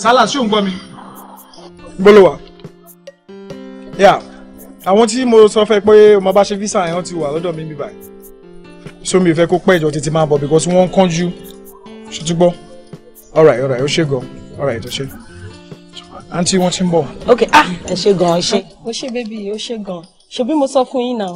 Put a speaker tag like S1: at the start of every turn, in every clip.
S1: sálà ṣé ò ń gbọ́ mi. gbólóhà yà àwọn tí mo sọ fẹ́ pé mo bá ṣe visa yẹn ti wà lọ́dọ̀ mi bíbá so mi fẹ́ kó
S2: pẹ́
S3: ìjọ tètè máa bọ̀ because wọ́n ń kánjú ṣùtúgbọ́ alright alright ó ṣe gan alright ó ṣe àǹtí wọ́n ti ń bọ̀. ok ah ẹ ṣe gan ẹ ṣe.
S4: ó ṣe bébí ó ṣe gan ṣebí mo sọ fún yín náà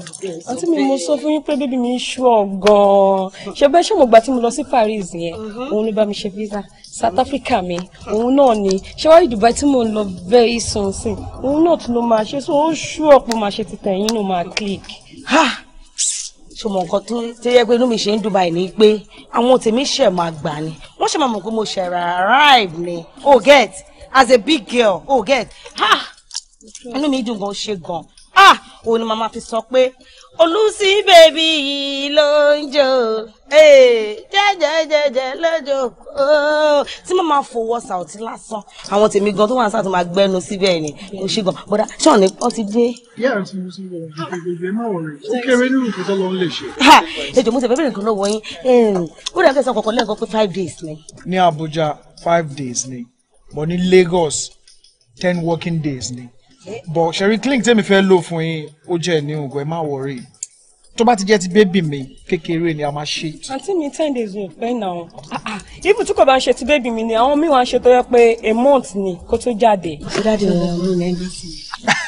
S4: àǹtí mi mo sọ fún yín pé bébí mi ṣúọ gan-an ṣebí ẹṣẹ mo gbà tí mo lọ sí Paris yẹn mm-hmm. òun ló bá mi ṣe visa South Africa mi òun náà ni ṣéwájú Dubai tí mo ń lọ very soon sí òun náà tún ló máa ṣe so ó ṣúọ pé máa ṣe títẹ̀ yín ló máa click. ṣe mọ nǹkan tó yẹ pé inú mi ṣe ń Dubai ni pé àwọn tèmi ṣẹ̀ máa gbà ni wọ́n ṣe máa mọ̀ pé mo ṣẹ̀ arrive ni oh get as a big girl oh get Ha. inú mi dùn gan ṣe gan ah òun ni màmá fi sọ pé olùsí bèbí yìí ló ń jò jẹjẹjẹjẹ lọ́jọ́ kó tí màmá fowó ṣàwùtí lásán àwọn tèmi gan tó wà sáà tó máa gbẹnu síbẹ̀ ni kò ṣe gan bọ́dá ṣọ́ọ̀n ni wọ́n ti dé. ìyá rẹ ti mú sí wọn ìgbègbè má wọ̀ rẹ̀ ó kéré nínú nǹkan tó lọ ń lè ṣe. ẹjọ mo ti bẹ̀rẹ̀ nǹkan lọ́wọ́ yín ó dàgbé sọ kọ̀ọ̀kan lẹ́ẹ̀kan pé five days ni.
S3: ní Abuja five days ni
S1: but ní Lagos ten working days ni bọ̀ ṣẹ̀rí clink tẹ́mi fẹ́ lò fún yín ó jẹ́ ní ògùn ẹ má wọrí tó bá ti jẹ́ ti bébì mi kékeré ni a máa ṣe.
S4: àǹtí mi ten days ò pẹ́ náà ibi ah, ah, tí kò bá ń ṣe ti bébì mi ni àwọn míì wá ṣe tó yẹ pé a month ni kó tó jáde. dáàdi ọ̀rọ̀ mi ní ẹ́mbásì.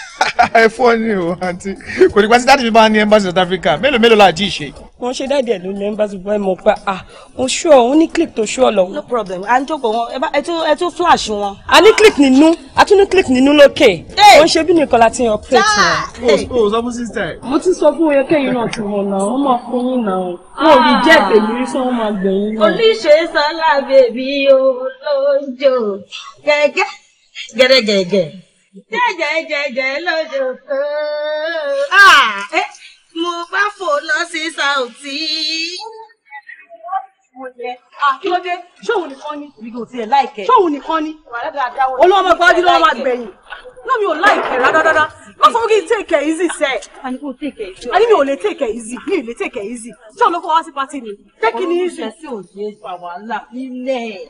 S4: ẹ fọ́ ni o àǹtí
S1: kò ní pa sí dáàdi mi bá ní ẹ́mbásì South Africa mélòó mélòó la jí ìṣe
S4: wọn ṣe dáàdi ẹ ló lẹ ń bá ti bọ ẹ mọ pé ah òun ṣú ọ ní click tó ṣú ọ lọ. no problem à ń jókòó wọn ẹ tún flash wọn. a ní click nínú a tún ní click nínú lókè wọn ṣe bí nìkan láti yan plate náà.
S2: o sọ fún sísè.
S4: mo ti sọ fún oyèké yìí náà tí wọn náà wọn máa fún yín náà wọn ò rí jẹ́ èmi rí sọ wọn máa gbẹ̀yìn náà. oníṣe sọlá bèbí olóńjó gẹ́gẹ́ gẹ́gẹ́gẹ́ jẹ́jẹ́jẹ́jẹ́ lójoojó. láòtí. ni. Mi Olúwa máa gbájú lọ́wọ́ máa gbẹ̀yìn. Náà mi ò láìkẹ́ rárá Wọ́n fún kí n take it easy sẹ́. Àní mi ò lè take it Mi ò lè take it easy. ló kọ́ wá sí pátì mi? Tẹ́kì ni easy. Olùkọ́ sí òye ìfà wàhálà nílẹ̀.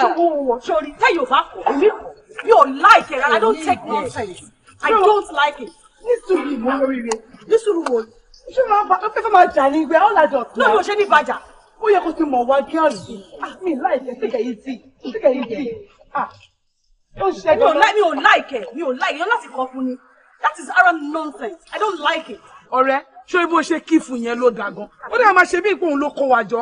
S4: Ṣùgbọ́n wọ̀ sórí tẹ́yìn ò bá kọ̀ èmi kọ̀. Mi ò láìkẹ́ rárá. I don't take nonsense. I don't like it ṣé máa bá pẹ́ fẹ́ máa jà ní ìgbẹ́ àwọn làjọ tó. lórí òṣèlú ìbàjà. ó yẹ kó ti mọ̀ wá gíọ́ọ̀lù. Ah, ah, mi láìpẹ́ síkẹ̀ yìí tì síkẹ̀ yìí tì. Ah, ó ṣẹ́jọ́ náà. mi ò láìkẹ̀ mi ò láìkẹ̀ láti kọ́ fún ni that is aram nonsense i don't like it. ọ̀rẹ́ ṣé bó ṣe kí fún yẹn ló da gan ó dẹ̀ máa ṣe bí ìpòhùn ló kó wa jọ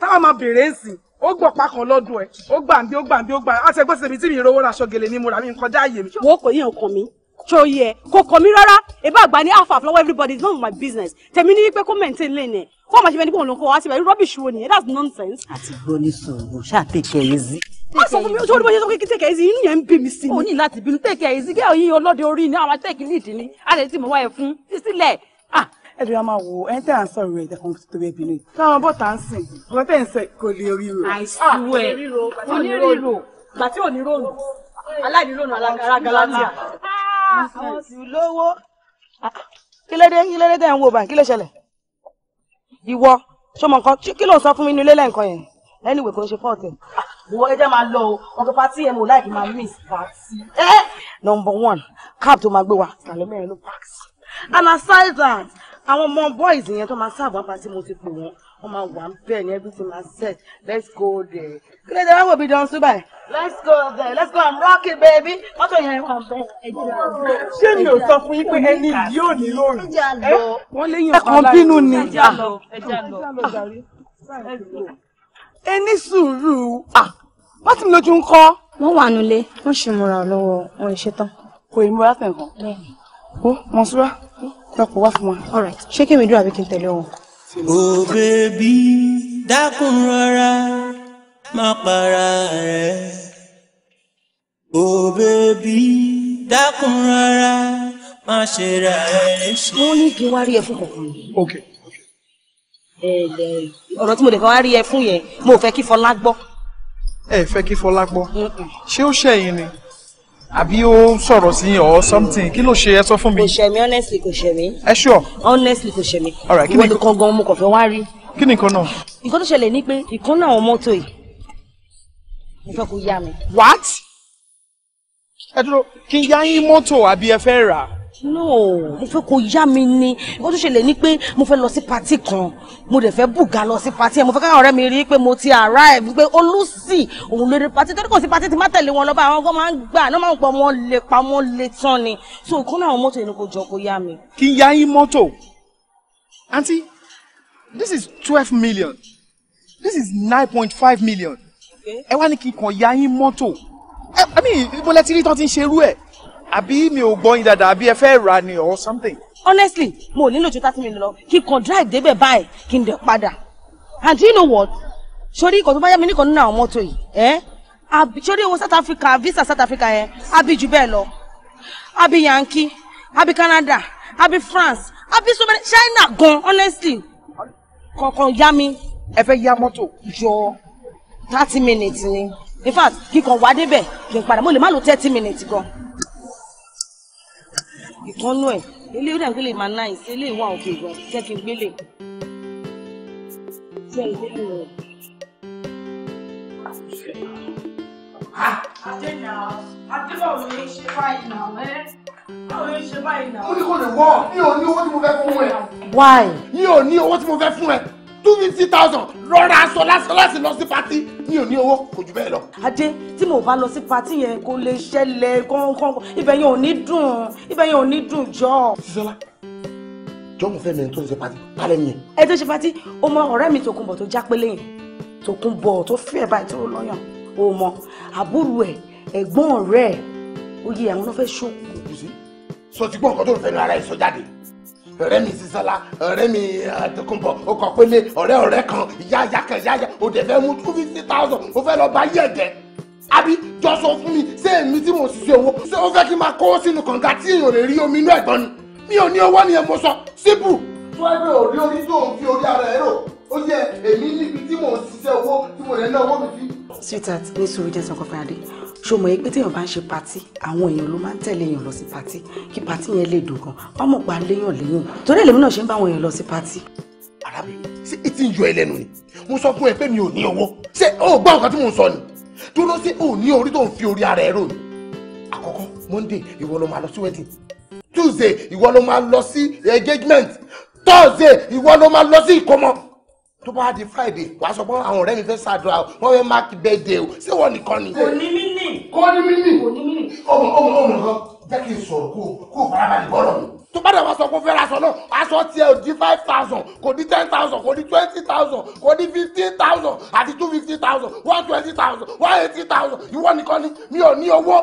S4: táwọn máa bèrè ń sìn ó gbọ́ pákan lọ́dún ẹ̀ ó gbàǹdé ó gbàǹdé ó gbàǹdé àtẹ̀gbọ́sẹ̀ mi tí mi rówó ra aṣọ gèlè ni mo rà mí nǹkan dá mi. wo kò yí nǹkan mi ṣòye kò kàn mí rárá ìbá àgbà ní alpha flower everybody is none of my business tèmi ní pé kó maintain lane ẹ̀ kó àmọ̀ ṣẹ́fẹ́ ní kò kó wá síbẹ̀ rubbish wo nìyẹn that's nonsense. àti gbọ́ ní sọ̀rọ̀ ṣáà tẹ̀kẹ̀ má sọ fún mi ojú olúmọ̀ṣẹ́ sọ pé kí tẹ̀kẹ̀ yìí sí yẹn ń bí mi sí ni. o láti bínú tẹ̀kẹ̀ yìí sí kí ọlọ́dẹ orí ni àwọn tẹ̀kì lead ni a lè ti mọ̀ wá fún sísílẹ̀ ah! ẹ̀dùn àmà wò ẹ̀ ń tẹ̀ à ń sọ̀rọ̀ ẹ̀ dẹ̀kun tó Ah, àwọn sì lówó ah, kí ló dé kí ló dé tẹ̀ ń wo bàǹkì ló ṣẹlẹ̀ ìwọ ṣó mọ nǹkan kí ló ń sọ fún mi nílé lẹ́ǹkan yẹn ẹni ìwé kò ń ṣe fọ́ọ̀tì ìwọ ẹjẹ máa lọ o ọkọ pátí yẹn mo láì máa miss pátí. ẹ eh, number one cab tó máa gbé wa ìsàlẹ̀ mẹ́rin ló pàṣẹ and aside that àwọn ọmọ boys yẹn tó máa sáàbù apàtì mo ti pè wọ́n wọ́n máa one ń everything I said. let's go there. kí ló dé be wò bí dán let's go there let's go and rock it baby. mọ́tò yẹn wà ń bẹ̀. ṣé mi ò when you put pé ẹni in. ò ní one. wọ́n léyìn ọ̀kan láì bínú ni. ẹja lọ ẹja lọ. ẹni sùúrù wọ́n ah, ti mi lójú ń kọ́. wọ́n wà nulẹ̀ wọ́n ṣì múra lọ́wọ́ wọn ìṣetán. kò ì múra tẹ̀ nǹkan. bẹ́ẹ̀ ni. ó mọ̀ all right Shake me mi dúró àbí kí n Oh baby, dákun rọra, má para rẹ̀. Oh baby, dákun rọra, má ṣe ra ẹ̀ léṣe. Wọ́n ní kí n wá rí ẹ fún kankan. Ọ̀rọ̀ tí mo lè fẹ́ wá rí ẹ fún yẹn, mo fẹ́ kí Fọlá gbọ́. Ẹ fẹ́ kí Fọlá gbọ́. Ṣé ó ṣẹ̀yìn ni? àbí ó sọ̀rọ̀ sí or something kí ló ṣe ẹ sọ fún mi. kò ṣe mí honestly kò ṣe mí. ẹ sure. honestly kò ṣe mí. all right kí ni ìwọ́de kan gan mo kàn fẹ́ wá rí. kí ni nǹkan náà. nǹkan tó ṣẹlẹ̀ ni pé ìkan náà àwọn mọ́tò yìí mo fẹ́ kó yá mi. what? ẹ dúró kí n yá yín mọ́tò àbí ẹ fẹ́ rà á no ìfẹ́ kò yá mi ni ó tún ṣẹlẹ̀ ni pé mo fẹ́ lọ sí patí kan mo dẹ̀ fẹ́ bùgà lọ sí patí ẹ̀ mo fẹ́ káwọn ọ̀rẹ́ mi rí i pé mo ti arrive pé olùsì òun lórí patí tó ní kò sí patí tí má tẹ̀lé wọn lọ́ba àwọn ọgbọ́n máa ń gbà náà máa ń pọ̀ wọ́n lè pa wọ́n lè tán ni so kún náà mọ́tò yẹn kò jọ kó yá mi.
S1: kí n yá yín mọ́tò aunty this is twelve million this is nine point five million ẹ wá ní kí n kàn yá yín mọ́tò ẹ
S4: I mean ìbọ̀lẹ̀ tí rí tán ti ń ṣerú ẹ̀ àbí mi ò gbọ́ yín dáadáa àbí ẹ fẹ́ rà ni or something. honestly mo nílò ju thirty minutes lọ kí n kàn drive débẹ̀ báyìí kí n dẹ̀ padà and you know what sori ìkọ̀ tó bá yá mi nìkan nínú àwọn mọ́tò yìí ẹ́ eh? sori owó south africa visa south africa yẹn eh? àbí jù bẹ́ẹ̀ lọ àbí yankee àbí canada àbí france àbí so many china gan honestly kankan yá mi. ẹ fẹ́ yá mọ́tò jọ thirty minutes ni in fact kíkan wá débẹ̀ kí n padà mo lè má lo thirty minutes gan ìkànnú ẹ̀ ilé ó dàgbé lè máa ná ìsí ilé ìwà òkè ìgbà jẹ́ kí n gbélé. ṣé ilé ń lọ. àdé náà àdé báwo ló ń ṣe báyìí náà ẹ́ báwo ló ń ṣe báyìí náà. ó ní kò lè wọ́ mi ò
S2: ní owó tí mo fẹ́ fún ẹ. why. mi ò ní owó tí mo fẹ́ fún ẹ two fifty thousand
S4: rọra aṣọ lásán láti lọ sí patí mi ò ní owó kò jù bẹ́ẹ̀ lọ. ajé tí mo bá lọ sí patí yẹn kò lè ṣẹlẹ̀ kọ́ńkọ́ń ibẹ̀ yẹn ò ní dùn ibẹ̀ yẹn ò ní dùn jọ. sísọlá jọ́mọ̀ fẹ́ mi tó ń ṣe patí pálẹ̀ mi yẹn. ẹ tó ṣe patí o mọ ọ̀rẹ́ mi Tòkunbọ̀ tó jápélé yẹn Tòkunbọ̀ tó fẹ́ báyìí tó lọ́yàn o mọ àbúrò ẹ̀ ẹ̀gbọ́n ọ̀rẹ́ ẹ̀ oyè àwọn náà fẹ́ ṣó. sọ ti gbọ́ nǹkan tó ń
S2: fẹ́ nu ara ẹ̀ sọ jáde ọ̀rẹ́ mi sísọlá ọ̀rẹ́ mi àtọkùnbọ̀ ọkọ̀ pélé ọ̀rẹ́ kan yáyà kan yáyà òde fẹ́ mú two fifty thousand ó fẹ́ lọ bá yẹ̀gẹ́ àbí jọ sọ fún mi ṣé èmi tí mo ṣiṣẹ́ owó ṣé ó fẹ́ kí n máa kó sínú kànga tí èèyàn lè rí omi inú ẹ̀gbọ́n ni mi ò ní
S4: owó ni mo sọ síbù.
S2: tó ẹgbẹ́ ò rí orí tó ń fi orí ara ẹ̀ rò ó yẹ èmi níbi tí mo ṣiṣẹ́ owó tí mo lè ná owó mi
S4: fi. sweetheart ní sùúrù jẹ́ sọ́kọ́ fún adé ṣó mọ̀ pé téèyàn bá ń ṣe patí àwọn èèyàn ló máa ń tẹ̀lé èèyàn lọ sí patí kí patí yẹn lè dùn gan wọ́n mọ̀ pa léèyàn léèyàn torí èlèmi náà ṣe ń bá àwọn èèyàn lọ sí patí. arábìnrin ṣé etí ń yọ ẹ lẹ́nu ni
S2: mo sọ fún ẹ pé mi ò ní owó ṣé o ò gbọ́ nǹkan tí mo ń sọ ni dúró sí o ní orí tó ń fi orí ara ẹ rò ni. àkọ́kọ́ monday ìwọ ló máa lọ sí wedding tuesday ìwọ ló máa lọ sí engagement thursday ìwọ ló máa lọ sí ìkómọ tó bá di friday wàá sọ pé àwọn ọ̀rẹ́ mi fẹ́ ṣàdúrà wọ́n fẹ́ mark birthday o ṣé wọ́n nìkan ni. kò
S4: ní mí nì. kò ní
S2: mí nì. kò ní mí nì. ọmọ ọmọ ọmọ nǹkan jẹ́ kí n sọ̀rọ̀ kó kó farabalẹ̀ bọ́rọ̀ mi. tó bá dàgbà sọ pé fẹ́ ra aṣọ náà aṣọ tiẹ̀ di five thousand kò di ten thousand kò di twenty thousand kò di fifteen thousand àti two fifty thousand one twenty thousand one eighty thousand ìwọ nìkan ni mi ò ní owó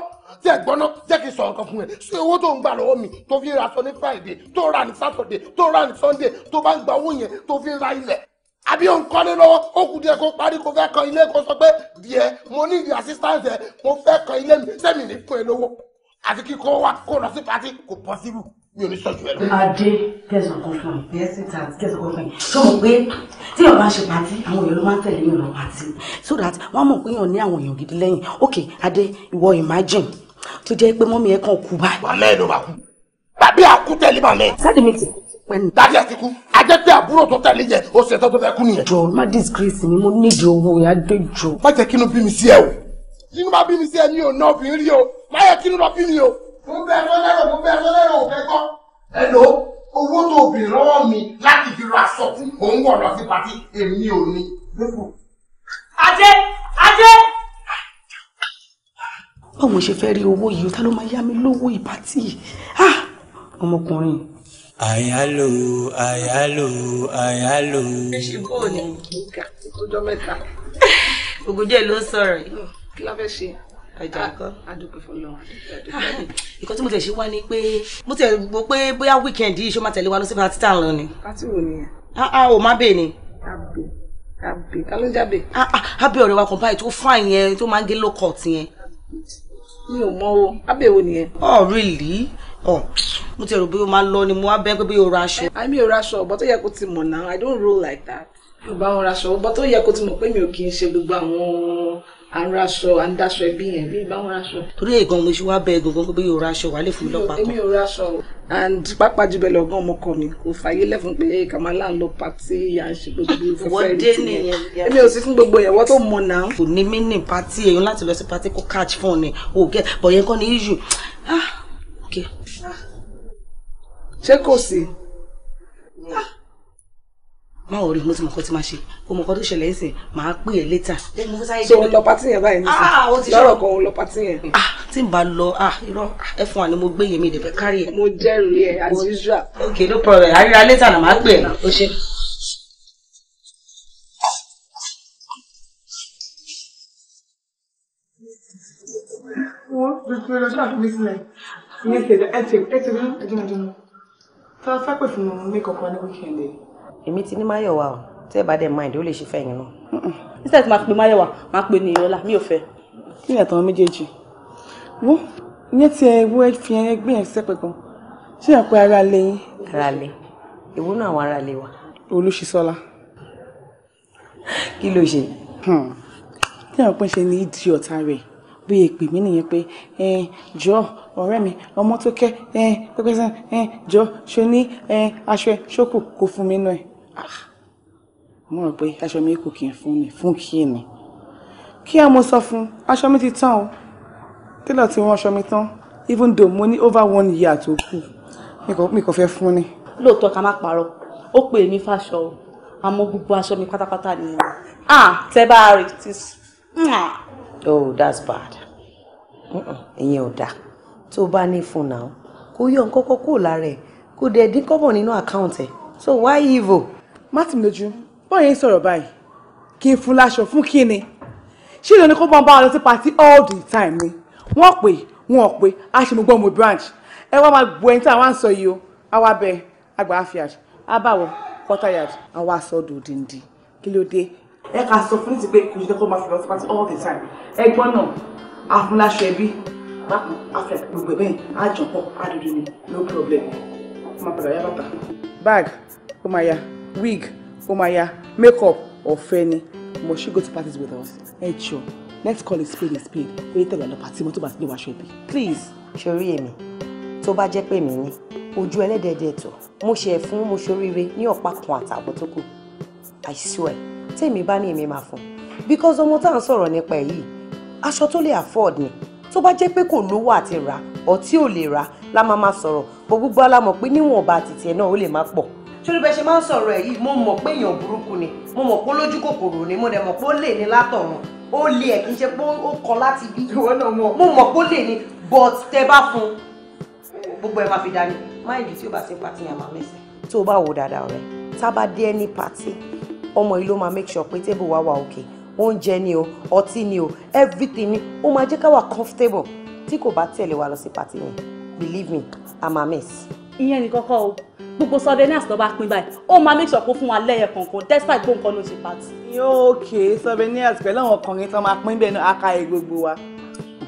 S2: tí ẹ gbọ́ná jẹ́ kí n sọ̀rọ̀ kan fún ẹ ṣé owó tó ń gbà lọ́wọ́ mi tó fi ń ra aṣọ ní friday tó ra ní saturday tó ra ní sunday tó bá ń gba owó yẹn tó fi ń ra ilẹ̀ àbí òun kọ́lé lọ́wọ́ ó kù díẹ̀ kó parí kó fẹ́ kan ilé kó sọ pé díẹ̀ mo ní ìdí assistance ẹ̀ mo fẹ́ kan ilé mi sẹ́mi ní fún ẹ lówó àti kí kó wá kó lọ sí pati kò possible mi ò ní sọ jù ẹ lọ. adé
S4: kẹsàn kan fún mi kẹsàn kan kẹsàn kan fún mi sọ mọ pé tí ọba ṣe pati àwọn èèyàn ló máa ń tẹ̀lé yàn lọ pati so that wọ́n mọ̀ pé yàn ní àwọn èèyàn gidi lẹ́yìn ok adé ìwọ imagine tó jẹ́ pé mọ́mí ẹ̀ kàn kú báyìí.
S2: wàá mẹ́ẹ̀ ló máa kú
S4: tàbí àkútẹ̀lé pẹ̀lú. Oh, dájú báwo ṣe fẹ́ rí owó yìí ta ló máa yá mi lówó ìpàtì ah! ọmọkùnrin
S1: àyálò àyálò àyálò. ẹ ṣe bó
S4: o ní ìgbà ọjọ́ mẹ́ta. ògùnjẹ ló ń sọ̀rọ̀ yìí. kí la fẹ́ ṣe ẹja kan adúpẹ́ fọlọ́ ìkan tí mo tẹ̀ ṣe wá ni pé mo tẹ̀ gbọ́ pé bóyá wíkẹ̀ndì yìí ṣó máa tẹ̀lé wa lọ sí pàtí tá à ń lọ ni. pàtí wo nìyẹn. a ò má bèè ni. àbè àbè ta ló jábè. àbè ọ̀rẹ́ wa kan báyìí tó fáìn yẹn tó máa ń gé low yẹn. mi ò mọ o àbè wo nìyẹn. oh really? oh mo ti rò bí o máa lọ ni mo wá bẹ́ pé bí o ra aṣọ. àmì ò raṣọ ọ̀bọ tó yẹ kó ti mọ̀ náà i don't roll like that. mi ò bá wọn raṣọ ọ̀bọ tó yẹ kó ti mọ̀ pé mi ò kì í ṣe gbogbo àwọn araṣọ àǹdaṣọ ẹbí yẹn bí bá wọn raṣọ. torí èèkàn mo ṣe wá bẹ egungun pé yóò raṣọ wà lè fún mi lọ́pàá kan. èmi ò raṣọ o and pápá jùbẹ lọ́gán ọmọkọ mi kò fàyè lẹ́fún pé kàmá là ń lọ pàtí à ń ṣe gbogbo ìfẹ́fẹ́ rí ti yẹn èmi ò sí fún gbogbo yẹn wọ́n tó mọ̀ náà. kò ní mí ní pàtí èèyàn láti lọ sí pàtí kó catch fún ọ ni o gẹ bọ̀ yẹn kọ́ issue ah okay ṣé kò sí. máa wọrí mo ti mọ̀ kọ́ ti máa ṣe o mọ̀ kọ́ tó ṣẹlẹ̀ ẹ̀sìn máa pè é létà. so o lọ pati yẹn báyìí nísìnyí lọ́rọ̀ kan o lọ pati yẹn. tí n bá lọ irọ́ ẹ fún wa ni mo gbé yèmí ìdẹ̀bẹ̀ kárí ẹ̀. mo jẹ́rìí ẹ as usual. ok no problem àríra létà náà máa pè é o ṣe. wọ́n gbogbo ẹ̀rọ ṣáà fi mí sílẹ̀ ní ìṣẹ̀lẹ̀ ẹ̀ ti ẹ̀ ti rí tá a fẹ́ pè fún makeup wa ní weekend yìí. èmi ti ní máyọ̀wá o tẹ́ ẹ bá dẹ̀ mind ó lè ṣe fẹ́yìn náà. instead máa pe máyọ̀wá máa pe ní ìyọ́lá mi ò fẹ́. kí ni àtàwọn méjèèjì wo ìyẹn ti ẹ wo fi ẹ E ẹ sẹ́pẹ̀ gan ṣé ẹ pé ara lè yín. ara lè èwo náà àwọn ara lè wa. olùṣísọ́lá. kí ló ṣe. Hmm. tí àwọn pẹ́ ṣe ní ìdí ọ̀tá rẹ̀ bí èpè mí nìyẹn pé ẹ jọ̀ọ́ ọ̀rẹ́ mi ọmọ tó kẹ́ ẹn pẹ́pẹ́ sẹ́n jọ ṣo ní ẹn aṣọ ẹ ṣókù kò fún mi náà ẹ. Ah, mo rò pé aṣọ mi kò kì í fún mi fún kí ni. kí á mo sọ fún aṣọ mi ti tán o tẹ́lọ̀ ti rán aṣọ mi tán even though mo ní over one year tó kù mi kò fẹ́ fún ni. lóòótọ́ ká má parọ́ ó pè mí fàṣọ o àmọ́ gbogbo aṣọ mi pátápátá ni ah tẹ́ bá rí ti. oh that's bad ìyẹn ò dáa tó bá ní fún náà kó yọ nǹkan kó kúrò lára ẹ̀ kó dẹ̀ dín kọ́bọ̀ nínú àkáǹtì ẹ̀ so why evil. martin lójú bọ́ọ̀ yẹn sọ̀rọ̀ báyìí kí n fún láṣọ fún kí ni ṣé ìlú ni kó máa bá wa lọ sí party all the time ni wọ́n pè wọ́n pè á ṣe mo gbọ́ mo branch ẹ wá máa gbọ́ ẹni tí àwọn à ń sọ yìí o àwa bẹ àgbà afiaj àbàwọ̀ quarter yard àwa sọ dòdìndì kí ló dé ẹ ká sọ fún ti pé kò ṣe kó máa fi lọ sí party all the time ẹ gbọ́ náà àfúnláṣọ ẹbí bag ó wig ó Makeup, ya make up ọ̀fẹ́ go to parties with us ẹ jọ let's call it speed, speed. spade tell tẹ̀lé ọlọ́pàá tí mo tó bá be. wàá ṣe bí please. ṣorí èmi tó bá jẹ́ pé mi ni ojú ẹlẹ́dẹ̀ẹ́dẹ̀ tó mo ṣe ẹ̀ fún mo ṣoríire ní ọ̀pá kan àtààbọ̀ tó kù i swear tèmi bá ní èmi máa fún because ọmọ tá à ń sọ̀rọ̀ nípa ẹ̀ yìí aṣọ afford ni tó bá jẹ́ pé kò lówó àti rà ọtí ò lè rà la máa máa sọ̀rọ̀ bó gbogbo alámọ̀ pé níwọ̀nba àtìtì ẹ̀ náà ó lè má pọ̀ torí bẹ́ẹ̀ ṣe máa ń sọ̀rọ̀ ẹ̀ yìí mo mọ̀ pé èèyàn burúkú ni mo mọ̀ pé lójú kòkòrò ni mo dẹ̀ mọ̀ pé ó lè ní látọ̀run ó lè ẹ̀ kì í ṣe pé ó kọ láti bí mo mọ̀ pé ó lè ní but tẹ bá fún gbogbo ẹ̀ máa fi dání máìlì tí ó bá ṣe pàtì yàn máa mẹ́sẹ̀. tó o bá wo dáadáa rẹ tá a dé ẹni pàtì ọmọ yìí ló máa make sure pé tébù wá wà òkè okay oúnjẹ ni o ọtí ni o everything ni ó máa jẹ́ ká wà comfortable tí kò bá tẹ̀lé wa lọ sí pàtí yẹn believe me i'm a mess. ìyẹn ni kọ́kọ́ o gbogbo souvenirs tó bá pín báyìí ó máa make sure kó fún wa lẹ́yẹ kankan despite bó nǹkan ló ṣe pàtì. yóò ké souvenirs pẹ̀lú àwọn ọkùnrin tó máa pín bẹ́ẹ̀ ní akáyé gbogbo wa.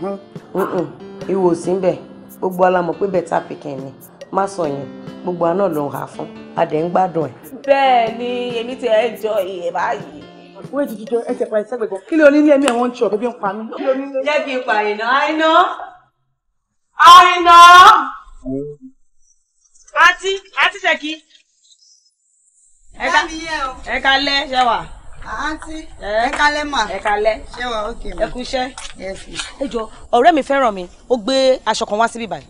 S4: Mm-hmm. ìwò sí bẹ́ẹ̀ gbogbo alamọ̀ pé bẹ́ẹ̀ tàbí ni má sọ yẹn gbogbo àná ló ń hà fún adẹ̀ ń gbádùn ẹ̀. bẹ́ẹ̀ ni èmi ti ẹ̀ jọ ìyè báyìí wọ́n ti jíjọ ẹ̀jẹ̀ pa ẹ̀sẹ̀ gbẹ̀gbọ́n kí ló ní ilé ẹ̀mí ẹ̀wọ̀n ń ṣọ̀ bíbí ń pa mí. jẹ́ kí n pa àyìnà àyìnà àyìnà àti àti ṣèkí. ẹ kalẹ̀ ṣe wà. àǹtí ẹ kalẹ̀ mà ẹ kalẹ̀ ṣe wà ókè mà ẹ kú iṣẹ́. ẹ jọ ọ̀rẹ́ mi fẹ́ràn mi ó gbé aṣọ kan wá síbí báyìí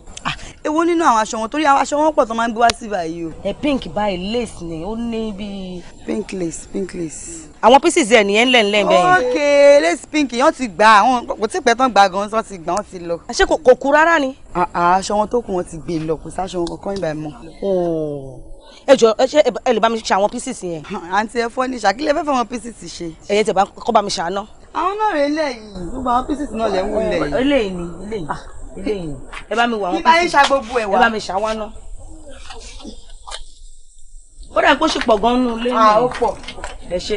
S4: èwo nínú àwọn aṣọ wọn torí àwọn aṣọ wọn pọ̀ tó máa ń gbé wá sí báyìí o. ẹ pink báyìí lace ni ó ní bíi. pink lace pink lace. àwọn pieces ẹ nìyẹn ńlẹ̀ ńlẹ̀ bẹ́ẹ̀. ok lace pink yẹn ti gbà àwọn kò tí pẹ́ tán gbà gan tán ti gbà wọ́n ti lọ. àṣé kò kú rárá ni. Ah, ah, aṣọ wọn tó kù wọn ti gbé lọ kò sáṣọ wọn kankan ìgbà mọ́ oh. ẹ jọ ẹ ṣe ẹ lè bá mi ṣe àwọn pieces yẹn. àǹtí ẹ fọ́ ní ṣàkílẹ̀ fẹ́ fẹ́ wọn pieces ṣe. ẹ̀yẹ tẹ̀ bá kọ́ bá mi ṣàánú. àwọn náà rẹ̀ lẹ́yìn gbogbo àwọn pieces náà lẹ́wọ̀n lẹ́yìn. eléyìí ni eléyìí. Ah ilé yìí ẹ bá mi wà wọn kí bá yín ṣa gbogbo ẹ wá ẹ bá mi ṣa wá ná kódà pé ó ṣe pọ̀ gan-an nù ilé yìí ah, ó pọ̀ ẹ ṣe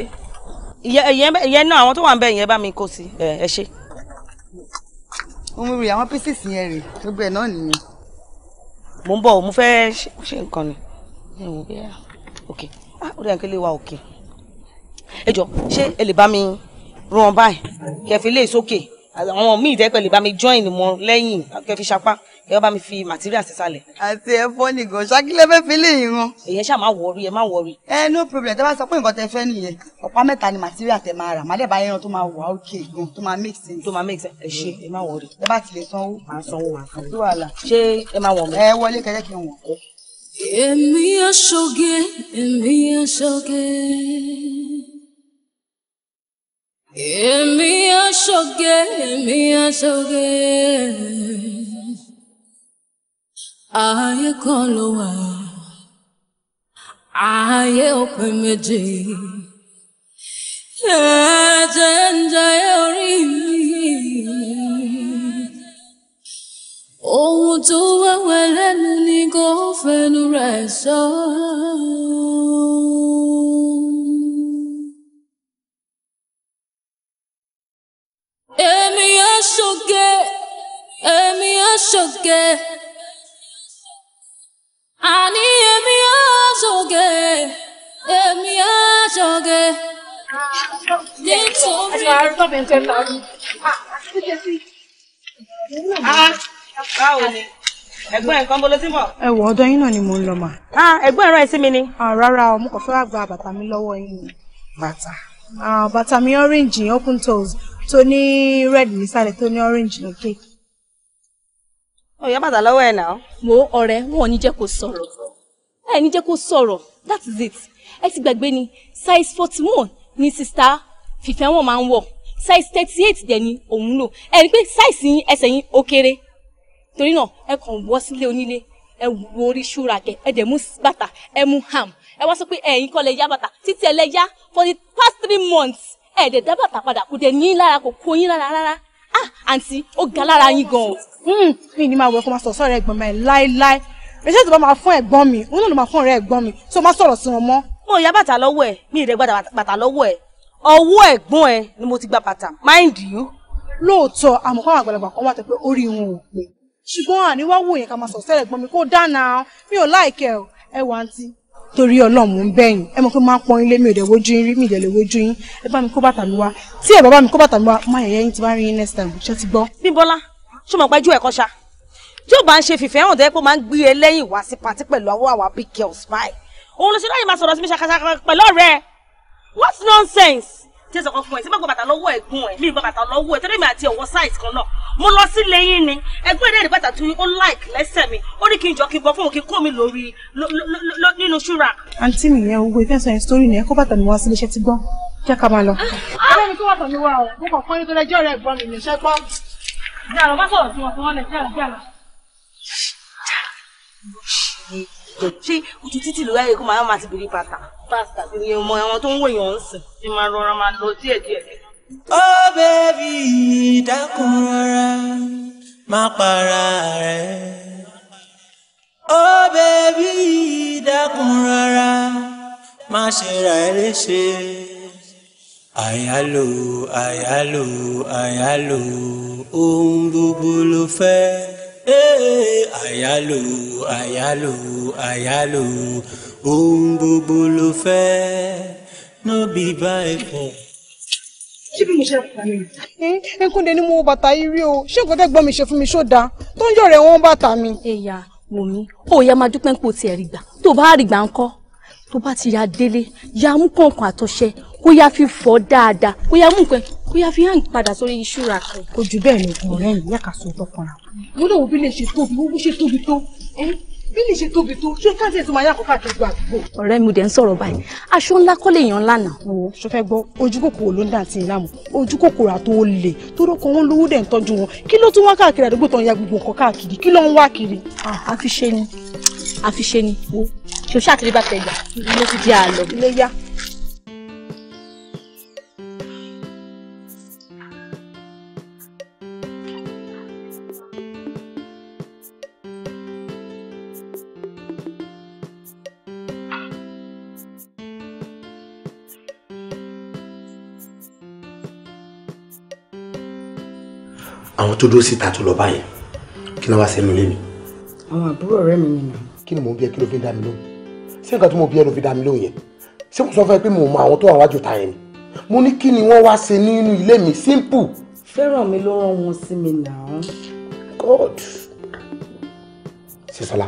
S4: ìyẹn náà àwọn tó wà ń bẹ ìyẹn bá mi kó sí ẹ ṣe. ohun rè àwọn pieces yẹn rè gbogbo ẹ náà nìyẹn. mo ń bọ̀ mo fẹ́ ṣe nǹkan ni òkè ah, ó dẹ̀ kí lè wa òkè ẹ jọ ṣé ẹ lè bá mi rán báyìí kẹfì lè sókè. Okay àwọn míì tẹ́ pẹ̀lú bá mi join mọ lẹ́yìn kẹ́ fi sapá kẹ́ bá mi fi material sísàlẹ̀. àti ẹ̀fọ́ nìkan ṣákílẹ̀ fẹ́ fi léyìn wọn. èyẹ ṣáà má wọrí ẹ má wọrí. ẹ no problem tẹ bá sọ pé nǹkan tẹ fẹ́ nìyẹn ọ̀pá mẹ́ta ni material tẹ máa rà má dẹ̀ bá yẹn tó máa wà ókè gan tó máa make sense. tó máa make sense ẹ ṣe ẹ má wọrí. ẹ bá tilẹ̀ sanwó. à ń sanwó à ń sanwó. ṣé ẹ má wọ̀ mí. ẹ wọlé kẹjẹ kí n wọ̀ kọ́ èmi aṣoge èmi aṣoge aye koloa, aye wà ayé òpin méjì ẹ̀jẹ̀ ń jayé orí mi ohun tó wẹ́wẹ́ lẹ́nu ni kò fẹnu rẹ̀ sọ. So. Èmi yóò ṣoge, ṣoge. ṣoge, ṣoge. Ah, yín náà ni ń lọ mà. Ah, ẹ̀gbọ́n ẹ̀rọ mi ni. Ah, rárá o, mo kàn fẹ́ wá gba bàtà mi lọ́wọ́ yín Bàtà. Bàtà mi open toes tó red nísàlẹ̀ tó orange lókè. ọ̀yá bàtà lọ́wọ́ ẹ̀ náà. wo ọ̀rẹ́ wọn ò ní jẹ́ kó sọ̀rọ̀ ẹ̀ ní jẹ́ kó sọ̀rọ̀ that is it ẹ ti gbàgbé ni size forty one ni sista fìfẹ́ wọn máa ń wọ̀ size thirty eight dẹ̀ ni òun lò ẹ̀ ní pé size yín ẹsẹ̀ yín ó kéré torí náà ẹ kàn wọ́ sílé onílé ẹ wo orí ṣúra kẹ ẹ dẹ̀ mú bàtà ẹ mú ham ẹ wá sọ pé ẹ̀yin kọ́ lẹ yá bàtà títí ẹ lẹ yá for the past three months ẹ̀ẹ́dẹ̀ dá bàtà padà kò dẹ̀ ní lára kò kó yín lára rárá ah àǹtí ó ga lára yín gan o. Hmm, mi ni máa wọ ẹ̀kọ́ máa sọ̀rọ̀ sọ̀rọ̀ ẹ̀gbọ́n mi láéláé rẹ́sẹ̀ tó bá máa fún ẹ̀gbọ́n mi òun náà ló máa fún ọ̀rẹ́ ẹ̀gbọ́n mi tó máa sọ̀rọ̀ sí wọn mọ́. mo ya bàtà lọ́wọ́ ẹ̀ mi ì rẹ̀ gbàdà bàtà lọ́wọ́ ẹ̀ ọwọ́ ẹ̀gbọ́n ẹ ni mo ti gba bàtà mind you. lóòótọ́ àmọ́kọ́ àwọn àgbàlagbà kan wà tó pé orí wọn ò pé ṣùgbọ́n àníwá wò yẹn ká máa sọ̀rọ̀ sẹ́rẹ̀ ẹ̀gbọ́n mi kó dáná mi ò láìkẹ́ ẹ̀ wá àǹtí torí Ọlọ́run mò ń bẹ̀yìn ẹ mọ̀ pé máa pọ́n ilé mi ò dẹ̀ wojú yín mi ò dẹ̀ lè yín ẹ bá mi kó bàtà mi wá tí ẹ bàbá mi kó bàtà mi wá má yẹ̀yẹ́ yín ti bá rí yín next time ṣé ti gbọ́. Bímbọ́lá ṣó mọ̀ pé ẹ̀kọ́ ṣá tí bá ń ṣe fìfẹ́ hàn dẹ́ máa ń gbé e lẹ́yìn wá sí patí pẹ̀lú àwọn àwa big girls bye òun ló ṣe láyè máa sọ̀rọ̀ sí mi ṣàkàṣàkà pẹ̀lú ọ̀rẹ́ what's nonsense jésù kan fún ẹ tí mo gba bàtà lọ́wọ́ ẹ̀gbọ́n ẹ̀ mi gba bàtà lọ́wọ́ ẹ̀ torí àti ọ̀wọ́ size kan náà mo lọ sí lẹ́yìn ni ẹgbẹ́ ìdẹ́rẹ́ bàtà tún ó like lẹ́sẹ̀ mi ó ní kí n jọ kí n bọ fún òun kí n kó mi lórí nínú ṣúra. àǹtí mi yẹn owó ìfẹsọ̀ yẹn sórí ni ẹ kó bàtà mi wá sí iléeṣẹ́ ti gbọ́n jẹ́ ká máa lọ. ọ̀rẹ́ kí wọ́n tọ̀ mí wá o mo kàn kọ́ pásítà sí ni ọmọ àwọn tó ń wò yàn ń sìn ti máa rọra máa lọ díẹ̀díẹ̀.
S3: ó bẹ́ẹ̀bì dákun
S2: àyálò àyálò àyálò ohun gbogbo ló fẹ́. àyálò àyálò àyálò ohun gbogbo ló fẹ́ no be by force.
S4: ṣé bí mo ṣe pa ẹ kúnde ni mo bàtà yìí rí o ṣé nǹkan tẹ́ mi ṣe fún mi ṣó dáa tó ń yọ̀rẹ̀ wọn bàtà mi. ẹ̀yà wòmí ó yẹ máa dúpẹ́ pò tiẹ̀ rí tó bá rí gbà tó bá ti ya délé ya mú kọ̀ọ̀kan àtọ̀ṣẹ kó ya fi fọ́ dáadáa kó ya mú nǹkan kó ya fi hàn padà sórí ìṣúra kan. kò jù bẹ́ẹ̀ lọ ọ̀rẹ́ bí lè ṣe tóbi tó ṣé káṣí ètò máa yá àkókò àti ìgbà àdúgbò. ọ̀rẹ́ mi ò dẹ̀ ń sọ̀rọ̀ báyìí aṣọ ńlá kọ́ lè yan lánàá. wo ṣe fẹ́ gbọ́ ojú kòkòrò ló ń dà sí ìlàmù ojú kòkòrò àti olè tó rọ́kọ̀ wọn lówó dẹ̀ ń tọ́jú wọn kí ló tún wá káàkiri àdúgbò tó ń ya gbogbo nǹkan káàkiri kí ló ń wá kiri. àfiṣe ni àfiṣe ni wo ṣòṣà àtìrí bá tẹ̀ gbà ilé ti di àlọ́ ilé yá
S2: àwọn tó dúró síta tó lọ báyìí kí ló wá sẹ́nu lé mi. àwọn àbúrò ọ̀rẹ́ mi nìyẹn. kí ni mò ń bí ẹ kí ló fi dá mi lóhùn ṣé nǹkan tí mo bí ẹ ló fi dá mi lóhùn yẹn ṣé mo sọ fún pé mo mọ àwọn tó wà wájú ta yẹn ni mo ní kí ni
S4: wọ́n wá ṣe nínú ilé mi simple. fẹ́ràn mi ló rán wọn sí mi náà. god
S2: sísọlá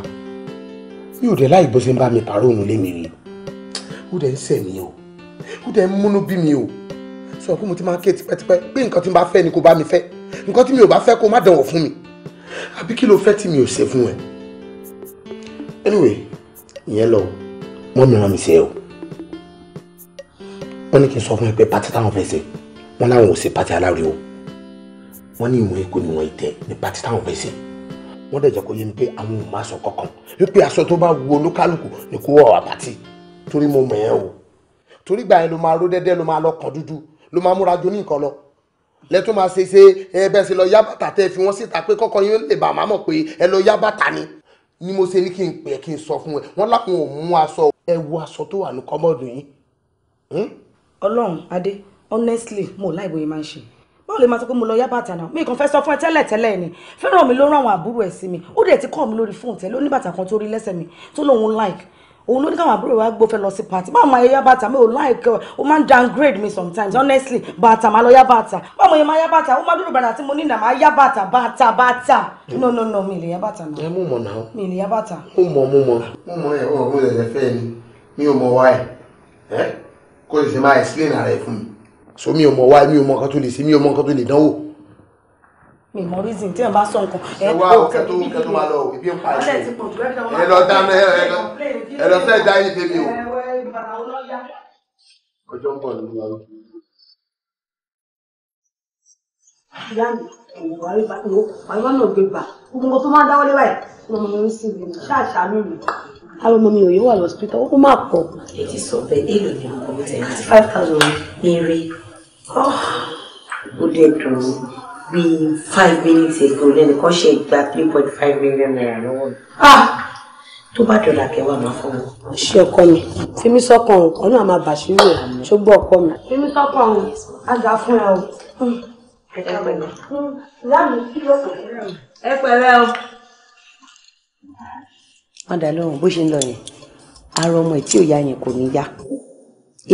S2: mi ò dé láì bó ṣe ń bá mi pàrọ̀ òun lé mi rí o ó dẹ̀ ń sẹ̀ mí o ó dẹ̀ ń múnú bí mi o sọ pé mo ti máa ké tipẹ́tipẹ́ pé nǹkan tí mo bá fẹ́ ni kò bá mi fẹ́ nǹkan tí mi ò bá fẹ́ kó má dánwò fún mi àbí kí ló fẹ́ tí mi ò ṣe fún ẹ anyway ìyẹn lọ mọ́ mi rán mi sí ẹ o wọ́n ní kí n sọ fún ẹ pé pátí táwọn fẹ́ ṣe wọ́n láwọn ò ṣe pátí aláriwo wọ́n ní ìwọ̀n èkó ni wọ́n ìtẹ́ ní pátí táwọn fẹ́ ṣe wọ́n dẹ̀ jẹ́ kó yé mi pé àwọn ò má sọ kankan wípé aṣọ tó bá wu olúkálùkù ni kó wọ̀ wá pátí torí mo mọ̀ ẹ́ o torí gbà yẹn ló máa ró dẹ́dẹ́ ló máa lọ kàn dúdú ló máa múra jó ní nǹkan lọ lẹ́tún máa ṣe ṣe ẹ bẹ́ẹ̀ ṣe lọ yá bàtà tẹ́ fi wọ́n síta pé kọ́kọ́ yín lè bàá mámọ̀ pé ẹ lọ yá bàtà ni ni mo ṣe ní kí n pè kí n sọ fún ẹ wọ́n láwọn ò mú
S4: aṣọ ẹ wo aṣọ tó wà ní kọ́mọ́dù yín. Hm? ọlọ́run adé honestly mo láì bóyá máa ń ṣe báwo lè máa sọ pé mo lọ yá bàtà náà mi kàn fẹ́ sọ fún ẹ tẹ́lẹ̀ tẹ́lẹ̀ ni fẹ́ràn mi ló rán àwọn àbúrò ẹ̀ sí mi ó dẹ̀ ti kọ́ mi lórí fóònù tẹ́lẹ̀ ó ní bàtà kan tó rí lẹ́sẹ̀ mi tó lóun like òun ló ní káwọn àbúrò wa gbó fẹ́ lọ sí pàtì báwo máa yá bàtà mi ò like ó máa ń downgrade me sometimes honestly bàtà máa lọ yá bàtà báwo yẹn máa yá bàtà ó máa dúró bàtà tí mo ní nà máa yá bàtà bàtà bàtà no no no mi ì lè yá bàtà náà. ẹ mú mọ náà. mi ì lè yá bàtà.
S2: mo mọ mo mọ mo mọ ẹ o mo lè fẹ ni mi ò mọ wá ẹ kó lè ṣe máa explain ara ẹ fún mi. so mi ò mọ wá mi ò mọ nǹkan tó lè ṣe mi ò mọ nǹkan tó lè dánwò
S4: mi mọ reason tí ẹ bá sọ nǹkan. ẹ wá ọkẹ tó kẹ tó máa lọ ìbí ń pa ẹ ẹ lọ dáná ẹ lọ fẹ dá yín bébí o. ọjọ́ ń bọ̀ nínú wa. ìyá mi ẹ̀wọ̀n àríwá àríwá náà gbé gbà gbogbo nǹkan tó máa ń dáwọ́lé báyìí ọmọ mi ń sìn mí ṣáà ṣàánú mi àwọn ọmọ mi ò yẹ wà lọ́sítọ́ ó máa pọ̀. ètí sọ pé èlò ni àwọn ọmọ tẹ̀lé five thousand eré ah, ó dẹ̀ dùn ún bíi five minutes ago lẹ́nìkan ṣe gba three point five million naira lọ́wọ́ mi. Ah! tó bá dọ̀dà kẹwàá máa fún mi. ṣé ọkọ mi fimi sọkàn o ọ̀nà àmà bàṣírò ẹ̀ ṣùgbọ́n ọkọ mi. fimi sọkàn o àga fún ẹ o. ẹ pẹ̀lẹ́ ẹ pẹ̀lẹ́ o. wọ́n dà lóhùn bó ṣe ń lọ yẹn ara ọmọ ẹ̀ tí ò yá yẹn kò ní yá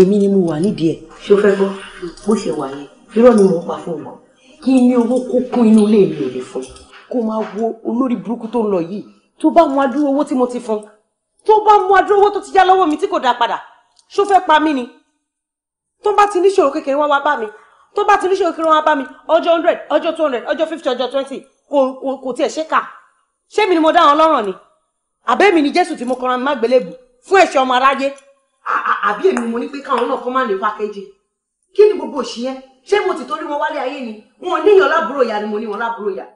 S4: èmi ni mo wà nídìí ẹ̀. ṣé o fẹ́ gbọ́ bó ṣe wà yẹn irọ́ ni mo pa fún wọn kí n ní owó kó kún inú ilé mi ò lè fún kó máa wo olórí burúkú tó ń lọ yìí tó bá mú adúrú owó tí mo ti fún tó bá mú adúrú owó tó ti já lọ́wọ́ mi tí kò dá padà ṣó fẹ́ pa mí ni tó bá ti níṣòro kékeré wá wá bá mi tó bá ti níṣòro kékeré wá bá mi ọjọ́ hundred ọjọ́ two hundred ọjọ́ fifty ọjọ́ twenty kò tiẹ̀ ṣe kà ṣé mi ni mo dá wọn lọ́rùn ni àbẹ́mi ni Jésù tí mo kọra mi má gbélébù fún ẹ̀ṣẹ̀ ọmọ aráyé àbí èmi mo ní pé káwọn náà kọ́ máa lè wá kẹ́jì kí ni gbogbo òṣìyẹn ṣé mo ti torí wọn wálé ayé ni wọn níyàn lábúrò ìyá ni mo ní wọn lábúrò ìyá.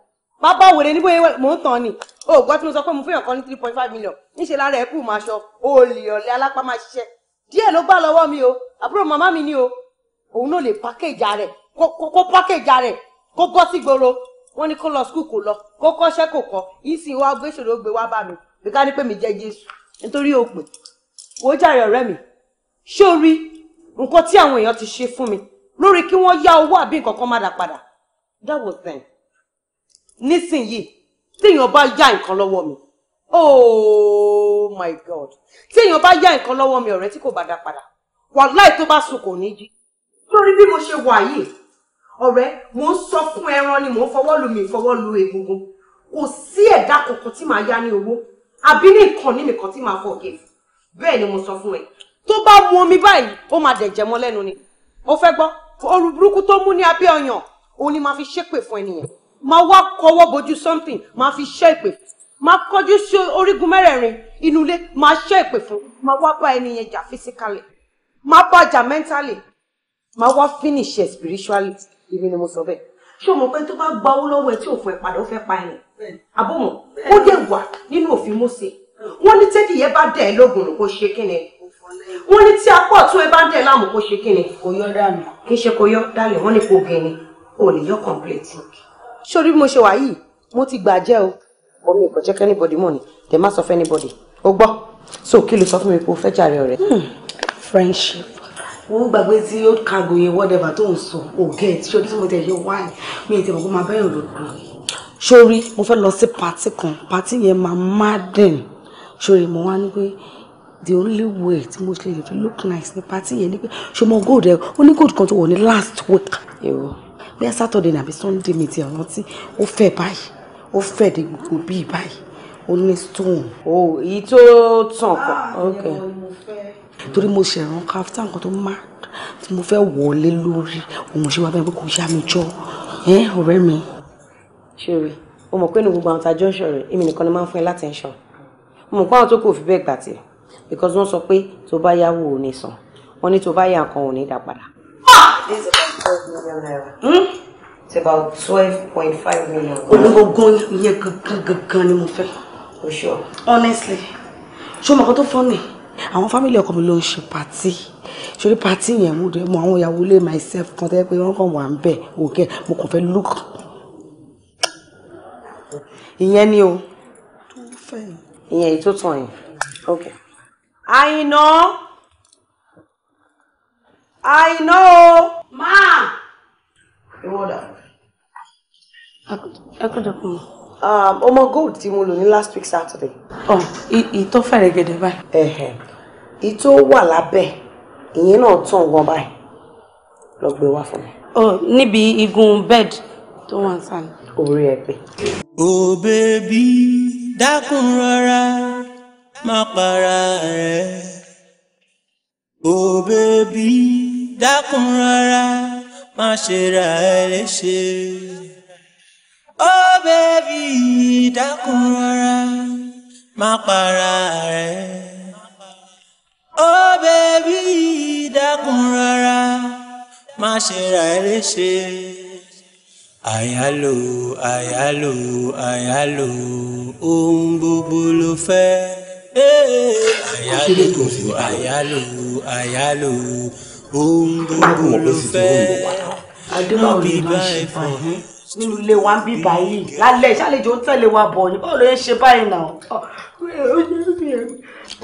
S4: bàbá wèrè ní bóyá mò ń tàn ni o gbọ́ tí mo sọ pé mo fẹ́yàn kan ní three point five million níṣẹ́ lára ẹ̀ kù máa ṣọ olè ọ̀lẹ́ alápá máa ṣiṣẹ́ díẹ̀ ló gbà lọ́wọ́ mi o àbúrò màmá mi ni o òun náà lè pákéjà rẹ̀ kó pákéjà rẹ̀ kó gọ́ sí gbòòrò wọ́n ní kó lọ skul kó lọ kó kọ́ṣẹ́ kó kọ́ yìí sì wá gbéṣòro gbé wá bá mi bí ká ní pé mi jẹ́ Jésù nítorí òpin wò ó jàre ọ̀rẹ́ mi ṣé o rí nǹkan tí àwọn èèyàn ti ṣe fún mi lórí kí wọ́n yá owó àbí nǹkan kan má dá padà that was then nísìnyìí téèyàn bá yá nǹkan lọ́wọ́ mi oh my god téèyàn bá yá nǹkan lọ́wọ́ mi ọ̀rẹ́ tí kò bá dá padà wàláì tó bá sùn kò ní jí lórí bí mo ṣe wà yìí ọ̀rẹ́ mo ń sọ fún ẹran ni mo ń fọwọ́ lu mi fọwọ́ lu egungun kò sí ẹ̀dá kankan tí màá yá ní owó àbí ní ìkànnì nìkan tí màá forgive bẹ́ẹ̀ ni mo sọ fún ẹ tó bá mu omi báyìí ó máa dẹ̀jẹ̀ mọ́ lẹ́nu ni ó fẹ́ gbọ́ ọrùn burúkú tó mú ní abẹ́ ọyàn òun ni màá fi ṣépè fún ẹnìyẹn màá wá kọwọ́ bojú something màá fi ṣépè màá kọjú sí orígun mẹ́rẹ̀ẹ̀rin inú ilé màá ṣépè fún màá wá bá ẹnìyẹn jà physically màá bá jà mentally màá wá finish ẹ̀ spiritually ibi ni mo sọ bẹ́ẹ̀ ṣé o mọ̀ pé tó bá gba owó lọ́wọ́ ẹ tí òfin ẹ̀ padà ó fẹ́ pa ẹ̀yìn àbọ̀mọ̀ ó dẹ̀ wà nínú òfin Mósè wọ́n ní tẹ́lẹ̀ yẹn bá dẹ̀ ẹ́ lógun ló kó ṣe kí ni wọ́n ní tí apá ọ̀tún ẹ bá ń dẹ̀ láàmú kó ṣe kí ni. kò yọ dànù. kì í ṣe kò yọ dálẹ̀ wọ́n ní kò gẹ̀ẹ́ni o ò lè yọ complete. sórí bí mo ṣe wà yìí mo ti gbàjẹ́ o mo mi kò jẹ́ kí anybody mọ̀ ni dem má sọ fún anybody o gbọ́ so kí ló sọ fún mi pé o fẹ́ jàre ọ̀rẹ́. Hmm. friendship wọ́n gbàgbé tí ó kàgò yẹn whatever tó ń sọ ògẹ́ tí ṣorí tí mo tẹ̀lé wáyé mi ì tẹ̀wọ́n kó máa bẹ́yàn lòdù. sórí mo fẹ́ lọ sí pàtí kan pàtí yẹn máa má dẹ̀n sórí mo wá ní pé the only way tí mo ṣe lè fi look nice ní pati yẹn ni pé ṣe mo gold ẹ ó ní gold kan tó wọ̀ ní last week ẹ̀rọ bẹ́ẹ̀ saturday nàbí sunday mi ti ọ̀nà tí ó fẹ́ báyìí ó fẹ́ de gbogbo bíi báyìí ó ní stone. o èyí tó tàn ah, kọ. torí mo ṣe ràn káfíńtà nǹkan tó má tí mo fẹ́ wọlé lórí òun ṣe wá bẹ́ẹ̀ pé kò yá mi jọ ọ̀rẹ́ mi. ṣeré o mọ̀ pé ní gbogbo àwọn tá a jọ ń ṣọ̀rẹ́ èmi nìkan ni máa ń fún ẹ láti ń ṣàn mo mọ̀ pé àwọn tó kù ò fi bẹ́ẹ̀ gbà tiẹ̀ because wọ́n sọ pé tó bá yáwó ò ní san wọ́n ní tó bá yá nǹkan ò ní dá padà. this is million naira. Hmm? it's about twelve million. ológun yẹ gangan gangan ni mo fẹ́. sure. honestly ṣé o mọ̀ kó tó fọ́ ni àwọn fámìlì ọkọ mi ló ń ṣe pàtí ṣorí pàtí yẹn mú de mọ àwọn ìyàwó ilé myself kan tẹ́ pé wọ́n kàn wà ń bẹ̀ òkè mo kàn fẹ́ look. ìyẹn ni o. ìyẹn èyí tó tàn yẹn. okay. I know. I know. Ma, dà. ẹ kó jọ fún mi. Um, ọmọ gold tí mo lò ní last week saturday. ọ ìtọ́ fẹ̀rẹ̀ gẹ̀dẹ̀ báyìí. ìtọ́ wà lábẹ́ ìyẹn náà tàn gan báyìí lọ gbé wá fún mi. ọ níbi igun bed tó wà sàn. orí ẹ pé. ò bèbí dákun rọra má para rẹ̀ o bébí dákun rárá má ṣe ra ẹ léṣe o bébí dákun rárá má para rẹ̀
S3: o bébí dákun rárá má ṣe ra ẹ léṣe àyálò àyálò àyálò
S2: ohun gbogbo ló fẹ́ àyálò àyálò ohun gbogbo ló fẹ́
S4: lọ́bí báyìí fún un nínú ilé wa ń bí báyìí lálẹ́ ìṣàlejò ń tẹ̀lé wa bọ̀ ní bọ́ọ̀lù yẹn ṣe báyìí náà.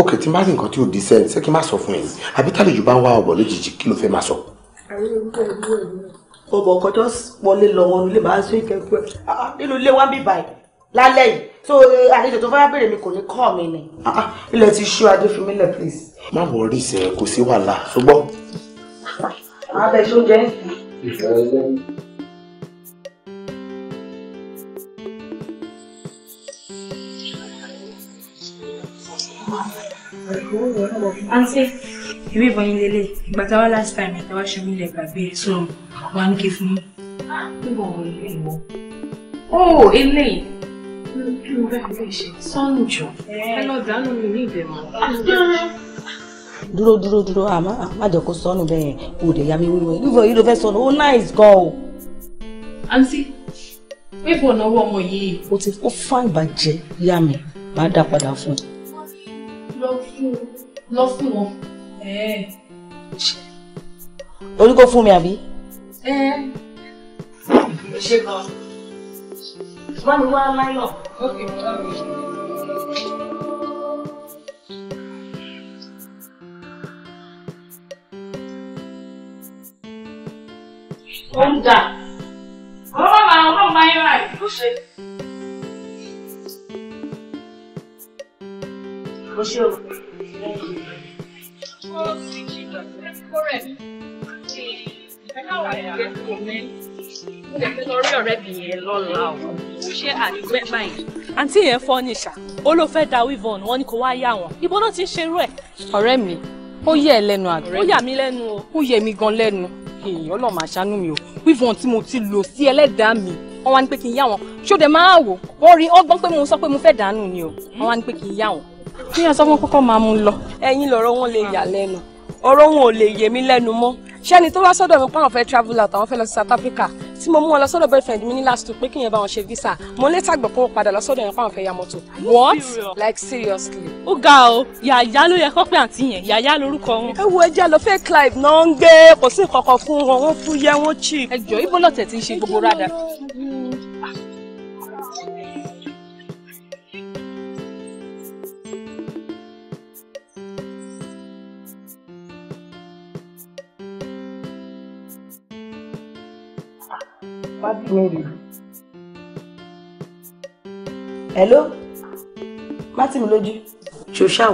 S2: ok tí n bá rí nǹkan tí ò di sẹ́ẹ̀ ṣé kí n má sọ fún yín àbí tálejò bá ń wá ọ̀bọ̀ lójijì kí ló fẹ́ máa sọ.
S4: ọbọ̀ kan tó wọlé lọ wọn lè máa ṣe ìkẹ́kọ̀ọ́ ah, nínú ilé wa ń bí báyìí lálẹ́ yìí so àlejò tó fẹ́ bèrè mi kò ní kọ́ mi ni. Ah, ah, ilẹ̀ ti ṣú adéfimilẹ̀ please.
S2: má wọ rí ìṣe kò sí wàhálà ṣùgbọ́n.
S4: abẹ ṣó jẹ ń sìn. àǹtí ìwé ìbọn yín lélẹ̀ ìgbà táwa last time ẹ̀ta wá ṣe mí lẹ̀ gbàgbé ẹ̀ so wà á ní kí fún mi. níbo wo ilé ìwọ. ó oh, eléyìí kí mo fẹ́ fi lè ṣe sọ́nù jù ẹ lọ dànù mi ní ìbẹ̀mọ̀. dúró dúró dúró má jẹ́ kó sọ́nù bẹ́ẹ̀ o dẹ̀ ya mi wíwọ ìfọ̀ yìí ló fẹ́ sọnù nice gan o. àǹtí wíwọ náwó ọmọ yìí. o ti kó fún àgbàjẹ yá mi máa dá padà fún un. lọ fún lọ fún wọn. orí kò fún mi àbí. ẹ ṣe gan bá mi wá láyọ̀. Okay, okay. Oúnjẹ. Ọlọ́wọ́ máa ọlọ́wọ́ máa yẹra ẹ̀ ló ṣe. Mo ṣe o.
S5: Ó sì kí lọ sí ẹ̀kọ́ rẹ̀. Ẹ̀ka wà ní
S4: ẹ̀kọ́ mi mo lè fẹ́ lọ rí ọ̀rẹ́bìnrin yẹn lọ́la o ṣé àdúgbẹ́ báyìí. àǹtí yẹn fọ́ nìṣà ó ló fẹ́ da wivon wọn ni kò wá yá wọn ibo ló ti ń ṣerú ẹ̀. ọ̀rẹ́ mi ó yẹ ẹ lẹ́nu àbí. ó yà mí lẹ́nu o. ó yẹ mi gan lẹ́nu èèyàn lọ́ọ́ máa ṣàánú mi o wivon tí mo ti lò sí ẹlẹ́dàá mi wọ́n wá ní pé kí n yá wọn ṣó dẹ̀ máa wò wọ́n rí ọgbọ́n pé mo sọ pé mo fẹ́ dànù ni o wọ́n wá ní pé kí n yá wọn. bí wọ́n sọ fún kọ́kọ́ máa mú un lọ. ẹ̀yin lọ̀rọ̀ wọn lè yà lẹ́nu ọ̀rọ̀ wọn ò lè yé mi lẹ́nu mọ́ ṣẹ́ni tó wá sọ́dọ̀ mi pọ́n àwọn fẹ́ travel out àwọn fẹ́ lọ sí South Africa tí mo mú wọn lọ sọ́dọ̀ boyfriend mi ní last week pé kí yẹn bá wọn ṣe visa mo létà gbọ́ pé wọ́n padà lọ sọ́dọ̀ yẹn fáwọn fẹ́ ya mọ́tò. what like seriously. ó ga o yàyà ló yẹ kọ́pẹ́ àǹtí yẹn yàyà lórúkọ wọn. ẹ wo ẹjẹ lọ fake life náà ń gbé kò sí nǹkan kan fún wọn wọn fúyẹ́ wọn cheap. ẹ jọ ibo lọ̀tẹ̀ ti ń ṣe gbogbo rádà. bad glory. hello má tì mí lójú. ṣo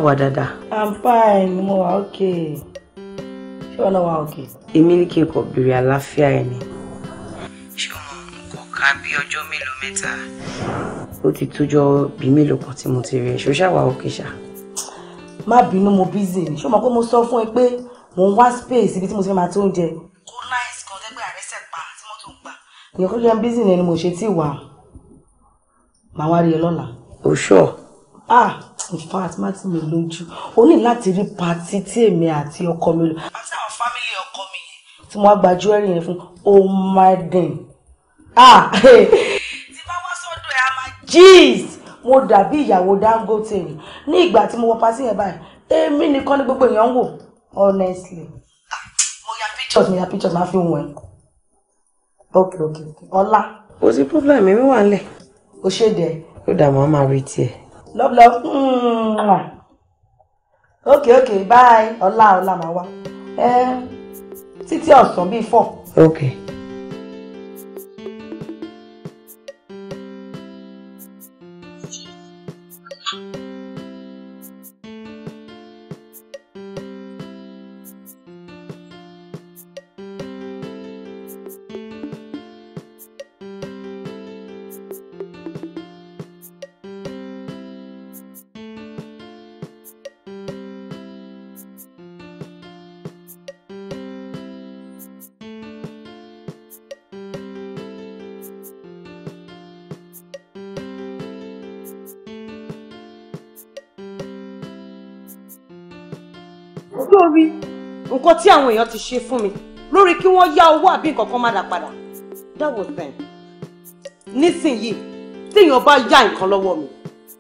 S4: i'm fine mo wà okay ṣé wọn náà okay. èmi ní kí n kò béèrè àlàáfíà ẹ ni. ṣùgbọ́n n kò ká bí ọjọ́ mélòó mẹ́ta. ó ti tójọ́ bí mélòó kan tí mo ti rí ẹ ṣo okay sha. Ma bínú mo busy ni ṣé o mọ̀ pé mo sọ fún ẹ pé mo ń wá space ibi tí mo ti fẹ́ máa tó ìyẹn kó jẹ́ bísí yẹn ni mo ṣe tí wà máa wá rí ẹ lọ́la. o oh, sure. ah in fact má ti mi lójú o ní láti rí patí tí èmi àti ọkọ mi lò àti àwọn fámìlì ọkọ mi yẹn tí wọ́n á gba jewelry yẹn fún oh my god ah tí bá wá sọ́dọ̀ ẹ̀ a máa jeez mo dàbí ìyàwó Dangote ni ní ìgbà tí mo wọ patí yẹn báyìí èmi nìkan ni gbogbo èèyàn ń wò honestly ah, mo ya pictures mo ya pictures máa fi wọn ẹ ok ok ọlá. kò sí problem mi wà nílẹ̀. o ṣe dẹ. ó dà mọ́ máa retí ẹ̀. lọ́bùlọ́ hmm. ok ok bye ọlá ọlá màá wá títí ọ̀sán bíi four. ok. lórí nǹkan tí àwọn èèyàn ti ṣe fún mi lórí kí wọ́n yá owó àbí nǹkan kan má dá padà that was then nísìnyìí téèyàn bá yá nǹkan lọ́wọ́ mi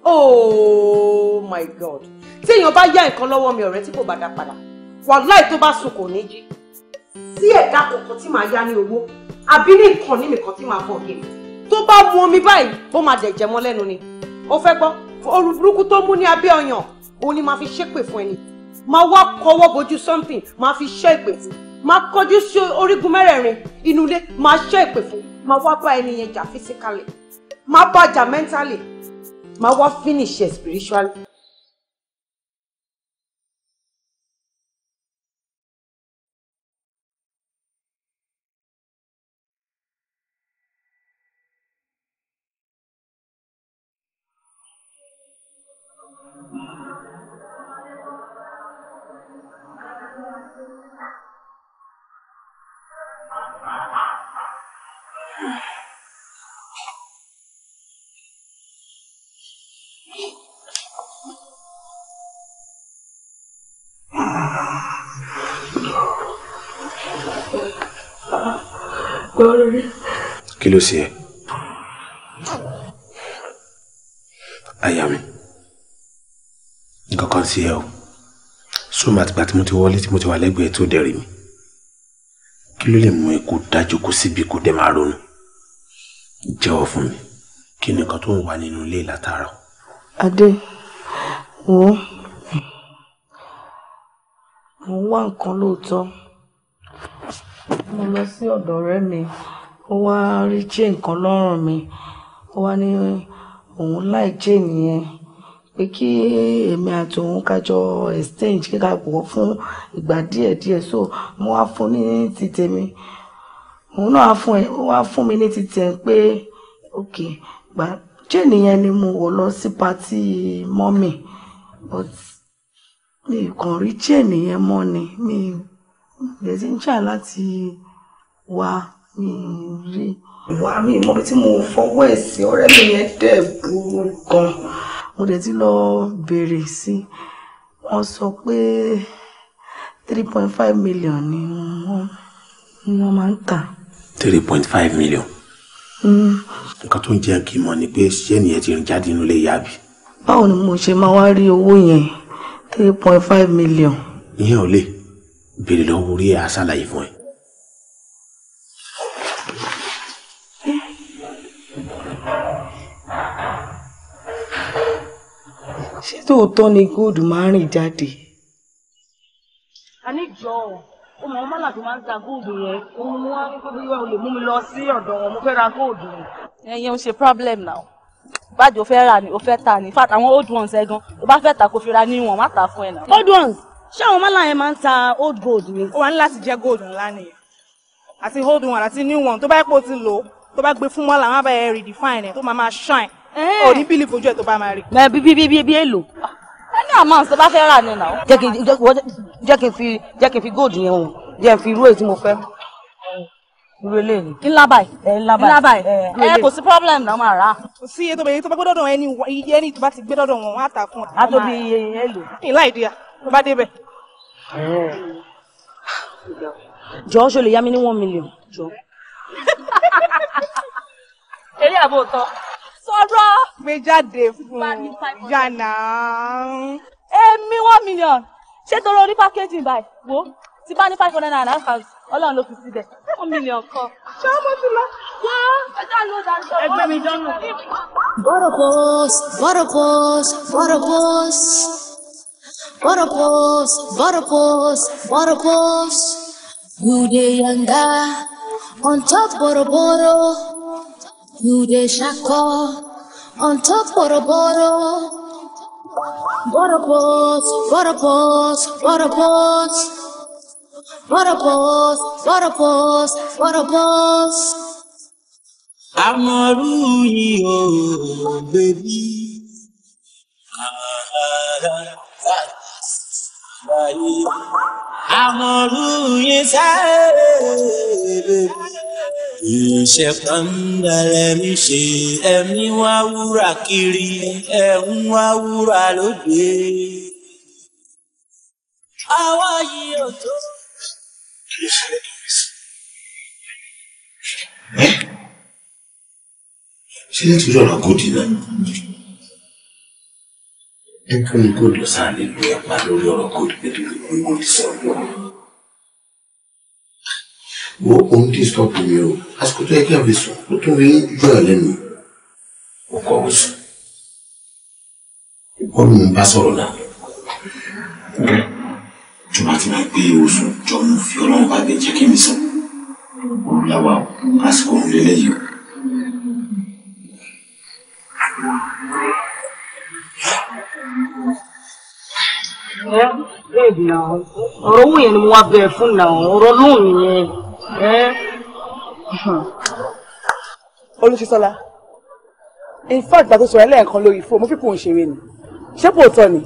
S4: oh my god téèyàn bá yá nǹkan lọ́wọ́ mi ọ̀rẹ́ tí kò bá dá padà wàláì tó bá sùn kò ní jí sí ẹ̀dá kọ̀ọ̀kan tí màá yá ní owó àbí ní nǹkan ní nǹkan tí màá bọ̀ kiri tó bá mu omi báyìí ó máa dẹ̀jẹ̀ mọ́ lẹ́nu ni ó fẹ́ gbọ́ oru tó mú ní abẹ́ ọyàn òun ni màá fi ṣépè fún ẹni máa wá kọwọ́ bojú something máa fi ṣẹ́ ìpè máa kọjú sí orígun mẹ́rẹ̀ẹ̀rin inú ilé máa ṣẹ́ ìpè fún máa wá bá ẹni yẹn jà physically máa bá jà mentally máa wá finish spiritually.
S2: ló ṣe ẹ́ àyà mi nǹkan kan sí ẹ o sóòmù àtìgbà tí mo ti wọlé tí mo ti wà lẹ́gbẹ̀ẹ́ tó dẹ̀rì mi kí ló lè mú ẹ kó dájú kó síbi kó dẹ̀ máa mi kí ni tó ń wà nínú ilé
S4: látara. adé wo mo ń wá nǹkan lóòótọ́ mo lọ sí ọ̀dọ̀ ọ̀rẹ́ mi ó wá rí chain kan lọ́rùn mi ó wá ní òun láì chain yẹn pé kí èmi àti òun kájọ exchange kíkà pọ̀ fún ìgbà díẹ̀ díẹ̀ so mo wá fún ní ti tèmi òun náà fún ẹ ó wá fún mi ní ti tẹ̀ pé ok gbà chain yẹn ni mo wò lọ sí pati mọ́mì but mi kàn rí chain yẹn mọ́ ni mi lè ti ń jà láti wá rí mi mọ bí tí mo fọwọ́ ẹ̀ sí ọ̀rẹ́ mi yẹn dẹ̀ burú gan mo dẹ̀ ti lọ béèrè sí wọ́n sọ pé three point five million ni wọ́n máa ń tà.
S2: three point five million. Mm. nǹkan tó ń jẹ́ kí n mọ̀ ni pé ṣé ènìyàn ti rìn jáde nínú ilé ìyá bi.
S4: báwo ni mo ṣe máa wá rí owó yẹn three point five million.
S2: ìyẹn ò lè béèrè lọ́wọ́ orí àṣàlàyé fún ẹ.
S4: ṣé tòótọ́ ni gold máa ń rìn jáde. a ní jọ ọ ọmọ ọmọ làbí máa ń ta gold yẹn òun ni wọn ní pé bí wọn ò lè mú mi lọ sí ọ̀dọ̀ wọn mo fẹ́ ra gold yẹn. ẹyin ò ṣe problem now báàdì o fẹ́ rà ni o fẹ́ tà ní fat àwọn old ones ẹ gan o bá fẹ́ tà kó fi ra níwọ̀n má tà fún ẹ náà. old ones ṣé àwọn mọ́là yẹn máa ń ta old gold ni. ó wà ní láti jẹ́ gold ńlá nìyẹn àti old one àti new one tó bá yẹ kó o ti lò tó bá gbé fún mọ́là wọn á bá yẹ redefine ẹ̀ tó máa máa shine ò eh. ní bílí fojú ẹ tó bá máa rí. mẹ eh, bí bí bí bí èlò. ẹni àmọ́ ṣe bá fẹ́ rà ni náà. jẹ́ kí n jẹ́ kí n fi jẹ́ kí n fi góòdù yẹn hàn jẹ́ n fi irú èyí tí mo fẹ́. irú eléyìí. ńlá báyìí. ńlá eh, báyìí. ẹ kò sí problem náà máa rà. kò sí iye tó bẹ iye tó bá gbé dọ́dọ̀ wọn ẹni iye ẹni tó bá ti gbé dọ́dọ̀ wọn wọn á tà fún ọ. a tó bí iye èlò. ìlà ìdí ya tó bá débẹ̀. jọ̀ọ́ ṣo lè yá mi ní one million. jọ̀ọ́. eré àbò tọ́ sọ̀rọ̀. gbé jáde fún yànnà. èmi one million ṣé torí orí packaging báyìí wo ti bá ní five hundred naira house ọlọ́run ló fi síbẹ̀ one million kan. ṣé ọmọ ti lọ. Ẹgbẹ́ mi dánú. Photo pose,
S5: photo pose, photo pose. Photo pose, photo pose, photo Gude yanga on top boro boro. Kure shako on top of boro bottle boro boss boro boss boro boss boro boss boro boss boro boss.
S3: Amaru yo baby. I'm a loo inside, baby. ìṣẹ̀kàndàlẹ̀ mi ṣe ẹ̀mí wá wúrà kiri
S4: ẹ̀ ń wá wúrà lóde. àwa yìí ò tó.
S2: ṣé nítorí ọ̀nà gòdì náà ẹ tún ní gòdì lọ sáà nínú ẹ̀ pa lórí
S5: ọ̀rọ̀ gòdì nítorí pé wọ́n ti sọ̀rọ̀ lọ́wọ́
S2: wo òun disturb mi o àsìkò tó yẹ kí n fi sùn ló tún rí yọ̀ọ́ lẹ́nu ó kọ́ ọ sùn ìwọ ló ń bá sọ̀rọ̀ náà tó bá ti máa gbé oṣù jọ mo fi ọlọ́run bá gbé jẹ́ kí mi sùn olùlàwà
S5: àsìkò òun lélẹ́yìí o.
S4: ọ̀rọ̀ òun yẹn ni mo wá bẹ̀rẹ̀ fún náà ọ̀rọ̀ lóhùn yẹn. Eh? Olúṣisọ́lá in fact gbàtó sọ̀rọ̀ ẹlẹ́ẹ̀kan lórí fóònù mo fi kún un ṣeré ni ṣé kò tọ́ ni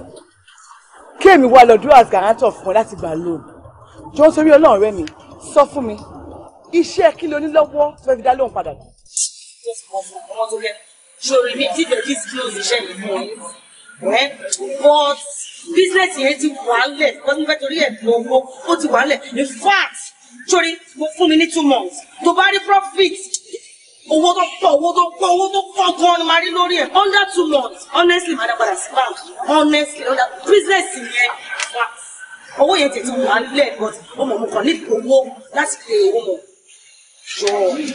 S4: kí èmi wá lọ dúró as guarantor fún ẹ láti gbà lóun jọ sórí ọlọ́run rẹ mi sọ fún mi iṣẹ́ kí ló ní lọ́wọ́ tó fẹ́ fi dá lóun padà. ṣòro mi dídẹ̀ disclose iṣẹ́ yìí mọ́ but business yẹn ti wà á lẹ̀ bọ́sùn fẹ́ torí ẹ̀ lọ́wọ́ ó ti wà á lẹ̀ in fact sórí fún mi ní two months tó bá rí profit owó tó pọ̀ owó tó pọ̀ owó tó pọ̀ gan-an ni màá rí lórí ẹ̀ under two months honestly màá dá padà sí bank honestly under business yẹn owó yẹn tètè wà nílẹ̀ but ọmọ mo kàn ní owó láti lè owó mọ̀ ṣọ́ọ́.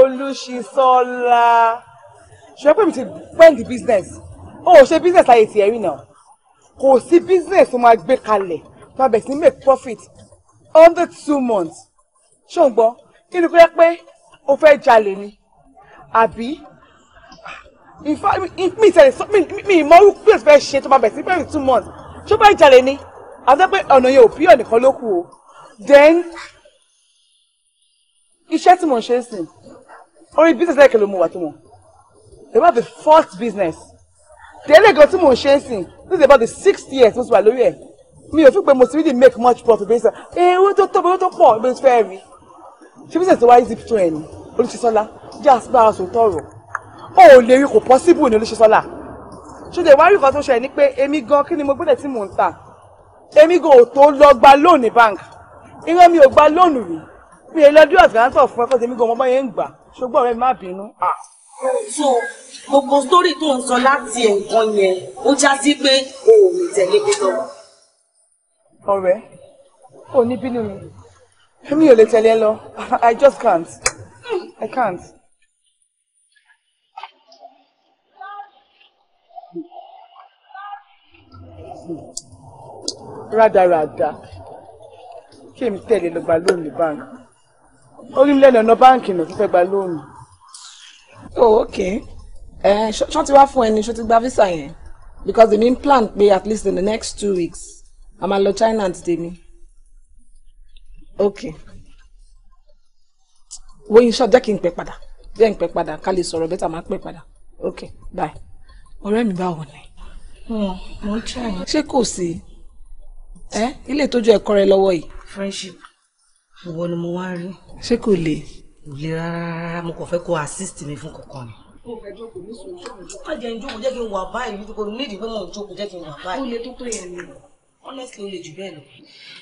S4: Olúṣisọ́lá ṣe pé mi ti pẹ́ǹdì business o ò ṣe business láyé tiẹ̀ rí náà kò sí business tó máa gbé kalẹ̀ máa bẹ̀rẹ̀ make profit under two months ṣùgbọ́n nínú pé pé o fẹ́ jalè ni àbí mi ìtẹ̀lẹ̀ mi ìmọ̀ orúkú bí o fẹ́ ṣe tó máa bẹ̀rẹ̀ sí bẹ̀rẹ̀ two months ṣó bá jalè ni àti pé ọ̀nà yẹn ò bí ọ̀nìkan ló kù o then iṣẹ́ tí mo ń ṣe é sìn orí business lẹ́ẹ̀kẹ́ ló mú wa tó mọ̀ about the first business délé gan tí mo ń ṣe é sìn this is about the sixth year tí mo ti wà lórí ẹ̀ mi ò fi pé mo ti really make much profit bẹ́ẹ̀ sọ ewé tó tóbi owó tó pọ̀ ló fẹ́ rí ṣé bísẹ̀ tó wáyé zip tún ẹ̀ ní Olúṣẹ́sọ́lá jẹ́ àsìbára sòótọ́ ọ̀rọ̀ ó ò lè rí kò possible ní Olúṣẹ́sọ́lá ṣùgbọ́n ìwádìí nǹkan tó ṣe ni pé èmi gan kí ni mo gbọ́dọ̀ tí mò ń tà èmi gan ò tó lọ gba loan ní bank irọ́ mi ò gba loan rí mi ò lọ dúró àtìrántọ̀ fún ẹ̀kọ́ tèmi gan ọmọ yẹn ń gbà ṣùgbọ́n ọ̀rẹ́ mi má ah. so gbogbo sórí tó ń sọ láti ẹ̀ǹkan yẹn ó já sí pé o ò lè tẹ̀lé mi ọ̀rẹ́ ò ní bínú mi èmi ò lè tẹ̀lé ẹ lọ i just can't i can't. rádaràda kí èmi tẹ̀lé lọ gba lóònù báńkì bank? rí mi lẹ́nu ọ̀nà báńkì náà tó fẹ́ gba lóònù. oh okay eh, ṣọ́ ti wá fún ẹni ṣó ti gba visa yẹn because the main plan pé at least in the next two weeks a máa lọ China àti tèmi ok wo iṣẹ́ jẹ́ kí n pẹ́ padà jẹ́ n pẹ́ padà ká lè sọ̀rọ̀ bẹ́tà máa pẹ́ padà ok bye ọ̀rẹ́ mi báwo ni. Hmm, mo ń try. ṣé kò sí ẹ ilé ìtọ́jú ẹ̀kọ́ rẹ lọ́wọ́ yìí. friendship ìwọ ni mo wá rí. ṣé kò le. kò le rárá mo kàn fẹ́ kó assist mi fún kankan ni má jẹ́ ń jẹ́ kí n wà báyìí nítorí nídìí pé mò ń jókòó jẹ́ kí n wà báyìí. ó le tó tó yẹn ni honestly ó lè jù bẹ́ẹ̀ lọ.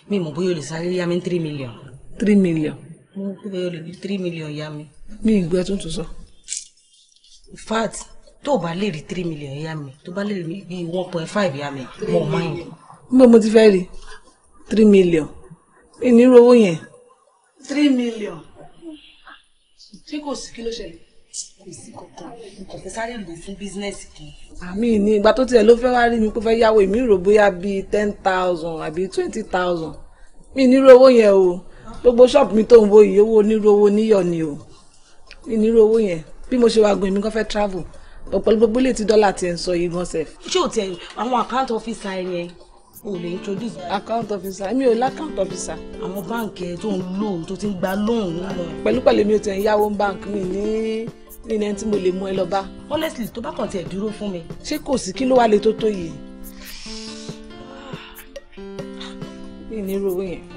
S4: mi mọ̀ bóyá o lè sáré yá mi ní three million. three million. mo ń pè bóyá o lè rí three million yá mi. mi ì gbẹ́ tuntun sọ. in fact tó o bá lè rí three million yá mi tó o bá lè rí bí one point five yá mi mo máa ń. nígbà mo ti fẹ́ rí three million mi ní rówó yẹn. three million ṣé kò sí kí ló ṣẹlẹ̀ kò sí kankan kò fẹ́ sáré lò fún bísínẹ́sì kan. àmì ní ìgbà tó tiẹ̀ ló fẹ́ wá rí mi pé fẹ́ yáwó èmi rò bóyá bíi ten thousand àbí twenty thousand mi nírú owó yẹn o gbogbo ṣọ́ọ̀bù mi tó ń wo ìyówó onírú owó níyọ̀ ni o mi nírú owó yẹn bí mo ṣe wá gun èmi kan fẹ́ travel pẹ̀lú gbogbo ilé dọ́là ti ń sọ yìí gan sef. ṣé o tiẹ̀ àwọn account officer yẹn o lè introduce. account officer mi ò lá account officer. àwọn báǹkì tó ń lò tó ti ń gba lóun. pẹ̀lú pẹ̀lú mi ò tẹ̀ ń yáwó báǹkì mi ní ní ẹni tí mo lè mú ẹ lọ honestly tó bá kàn tiẹ̀ dúró fún mi. ṣé kò sí kí ló wá le tó tó yìí. bí ìnírò yẹn.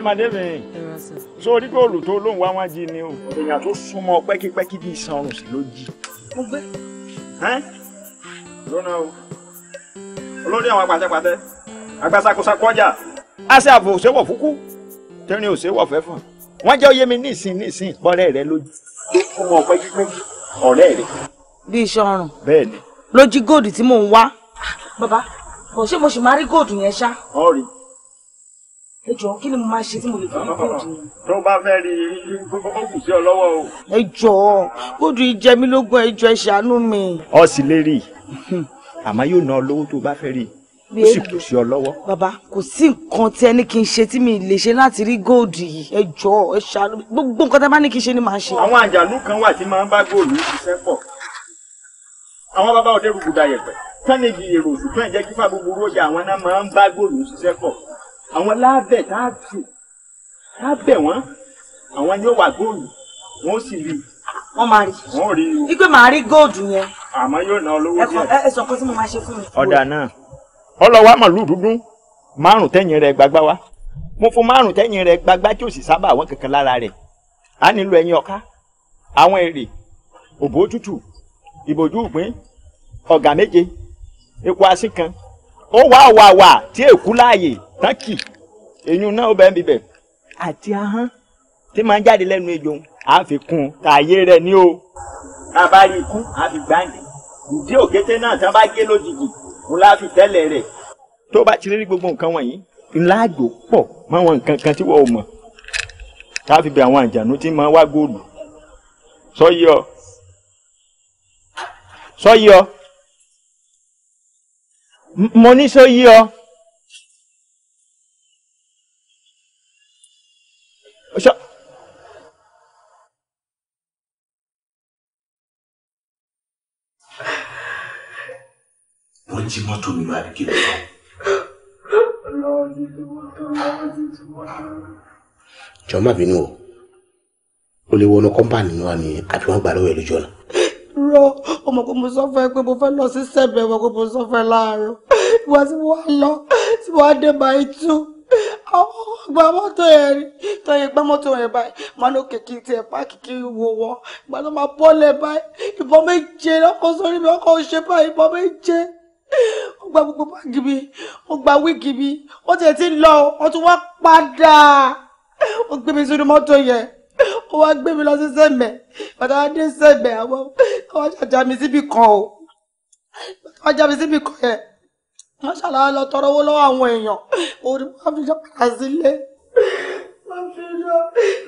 S1: ẹ máa débìnrin sórí góòlù tó lóun wá wọn jí ni o èèyàn tó súnmọ́ pẹ́kípẹ́kí bíi sanrun sí ló jí. mo gbé. lónà o olórí àwọn apàtẹpàtẹ agbásákósákó ọjà àṣẹ àbò òṣèwọ̀ fúkú tẹ́rin òṣèwọ̀ fẹ́fọ̀n wọ́n jẹ́ oyé mi nísìn nísìn ọ̀rẹ́ rẹ lójú
S4: ọmọ pẹ́kípẹ́kí ọ̀rẹ́ rẹ. bíi sọrùn bẹ́ẹ̀ ni ló jí góòdù tí mò ń wá. bàbá bò ṣé mo ṣì máa rí góòdù yẹn ṣá. ọ̀rẹ́ ẹ jọ kí ni mo máa ṣe tí mo lè fi kó di. tó bá fẹ́ rí i kù sí ọ lọ́wọ́ o. ẹ jọ kódù ìjẹmí lógún ẹ jọ ẹ ṣàánú mi.
S1: ọ sì lè rí i àmọ́ yóò ná ọ
S4: lówó tó bá fẹ́ rí i ó sì kù sí ọ lọ́wọ́. bàbá kò sí nǹkan tí ẹni kì í ṣe tí mi lè ṣe láti rí góòdù yìí ẹ jọ ẹ ṣàánú gbogbo nǹkan tí a bá ní kì í ṣe ni màá ṣe. àwọn
S1: àjàlú kan wà tí máa ń bá góòlù ṣiṣẹ́ pọ̀ àwọn bàbá òde rúgùdà yẹ̀pẹ̀ tánìjì èrò òṣùpẹ́ jẹ́ kífà búburú ọjà àwọn náà máa ń bá góòlù àwọn lábẹ̀ tá a jù tá a bẹ̀ wọ́n àwọn ni ó wà góòlù wọ́n ó sì rí
S4: wọ́n máa rí wọ́n rí o. igbe màá rí góòdù yẹn. àmọ́ yóò ná olówó díẹ̀. ẹ sọ pé tí mo máa ṣe fún mi.
S1: ọ̀dà náà ọlọ́wà màlúù dúdú márùn tẹ́yìn rẹ̀ gbagbá wa mo fún márùn tẹ́yìn rẹ̀ gbagbá tí ò sì sábà àwọn kankan lára rẹ̀ á nílò ẹyin ọ̀ká àwọn èrè òbó tútù ìbòjú ìgbín ọ̀gà méje epo asín kan ó wà wà wà tí èkú láàyè tákì èyún náà ó bẹ́ẹ̀ bíbẹ̀ àti ahọ́n tí máa ń jáde lẹ́nu ejò à ń fi kún un tààyè rẹ̀ ní o tá a bá rí ikú à fi gbáǹdì ìdí òkété náà tá a bá gé lójijì òun láà fi tẹ́lẹ̀ rẹ̀ tó bá ti rí gbogbo nǹkan wọ̀nyí ńlá àjò pọ̀ mọ́ wọn nǹkan kan tí wọ́n ò mọ̀ tá a fi bẹ àwọn àjànú tí máa wá góòlù sọ́yí ọ sọ́yí ọ mo ní sọ́yí ọ.
S5: jí mọ́tò mi máa ní kí ló sọ.
S2: jọ̀ọ́ má bínú o o lè wọnú kọ́mpáànì wa ni àbí wọ́n gbà lọ́wọ́ ẹ̀ lójú ọ̀nà.
S4: rọ ọmọ pé mo sọ fún ẹ pé mo fẹ́ lọ sí sẹ̀bẹ̀ ọmọ pé mo sọ fún ẹ láàárọ̀ ìwà tí wọ́n lọ tí wọ́n dé máa ń tú gba mọ́tò yẹn rí tó yẹ gbá mọ́tò yẹn báyìí máa ló kèké tiẹ̀ páàkì kí n wò wọ́n ìgbà tó máa bọ́lẹ̀ báyìí ìbọn méje ọkọ̀ sórí mi ọkọ̀ òṣèpá ìbọn méje ó gba gbogbo báàgì mi ó gba wíìgì mi ó tiẹ̀ ti ń lọ ó tún wá padà ó gbé mi sínú mọ́tò yẹn ó wá gbé mi lọ sí sẹ́mẹ̀ bàtà wá dé sẹ́mẹ̀ àwọn àwọn àjàjà mi síbì kan o bàtà wá já mi síbì kan yẹn wọ́n ṣàlàyé lọ tọrọ owó lọ́wọ́ àwọn èèyàn òun ni wọ́n fi jọ sílé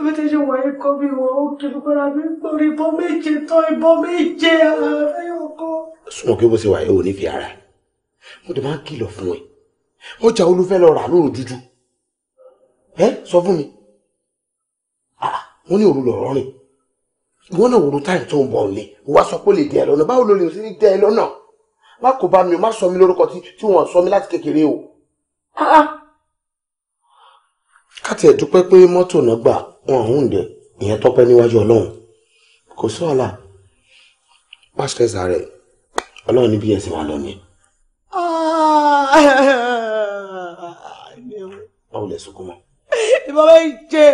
S4: ibi tí ṣe wà ikọ́ mi wọ̀ ó kìlú padà bí gbòòrò ìbọn méje tán ìbọn méje àárẹ̀ ọkọ.
S2: súnmọ́ kí bó ṣe wà yóò ní fi ara mo dẹ̀ máa ń kìlọ̀ fún ẹ ọjà olúfẹ́ lọ rà lóòrùn dúdú ẹ sọ fún mi ah, wọ́n ní òru lọ̀rọ̀ rìn wọ́n náà wòrò táyì tó ń bọ̀ ọ̀lẹ́ wàá sọ pé ó lè dẹ ẹ lọ́nà báwo ló lè sí ní dẹ ẹ lọ́nà má kó bá mi má sọ mi lórúkọ tí wọ́n sọ mi láti kékeré o ah, ah. káti ẹ̀ dúpẹ́ pé mọ́tò náà gbà wọn àwọn òǹdẹ ìyẹn tọ́pẹ́ níwájú ọlọ́run kò sí ọ̀la pásítẹ̀sà rẹ̀ ọlọ́run níbi ẹ̀sìn wa lọ báwo lẹ sunkún mọ́.
S4: ìbọn bẹ jẹ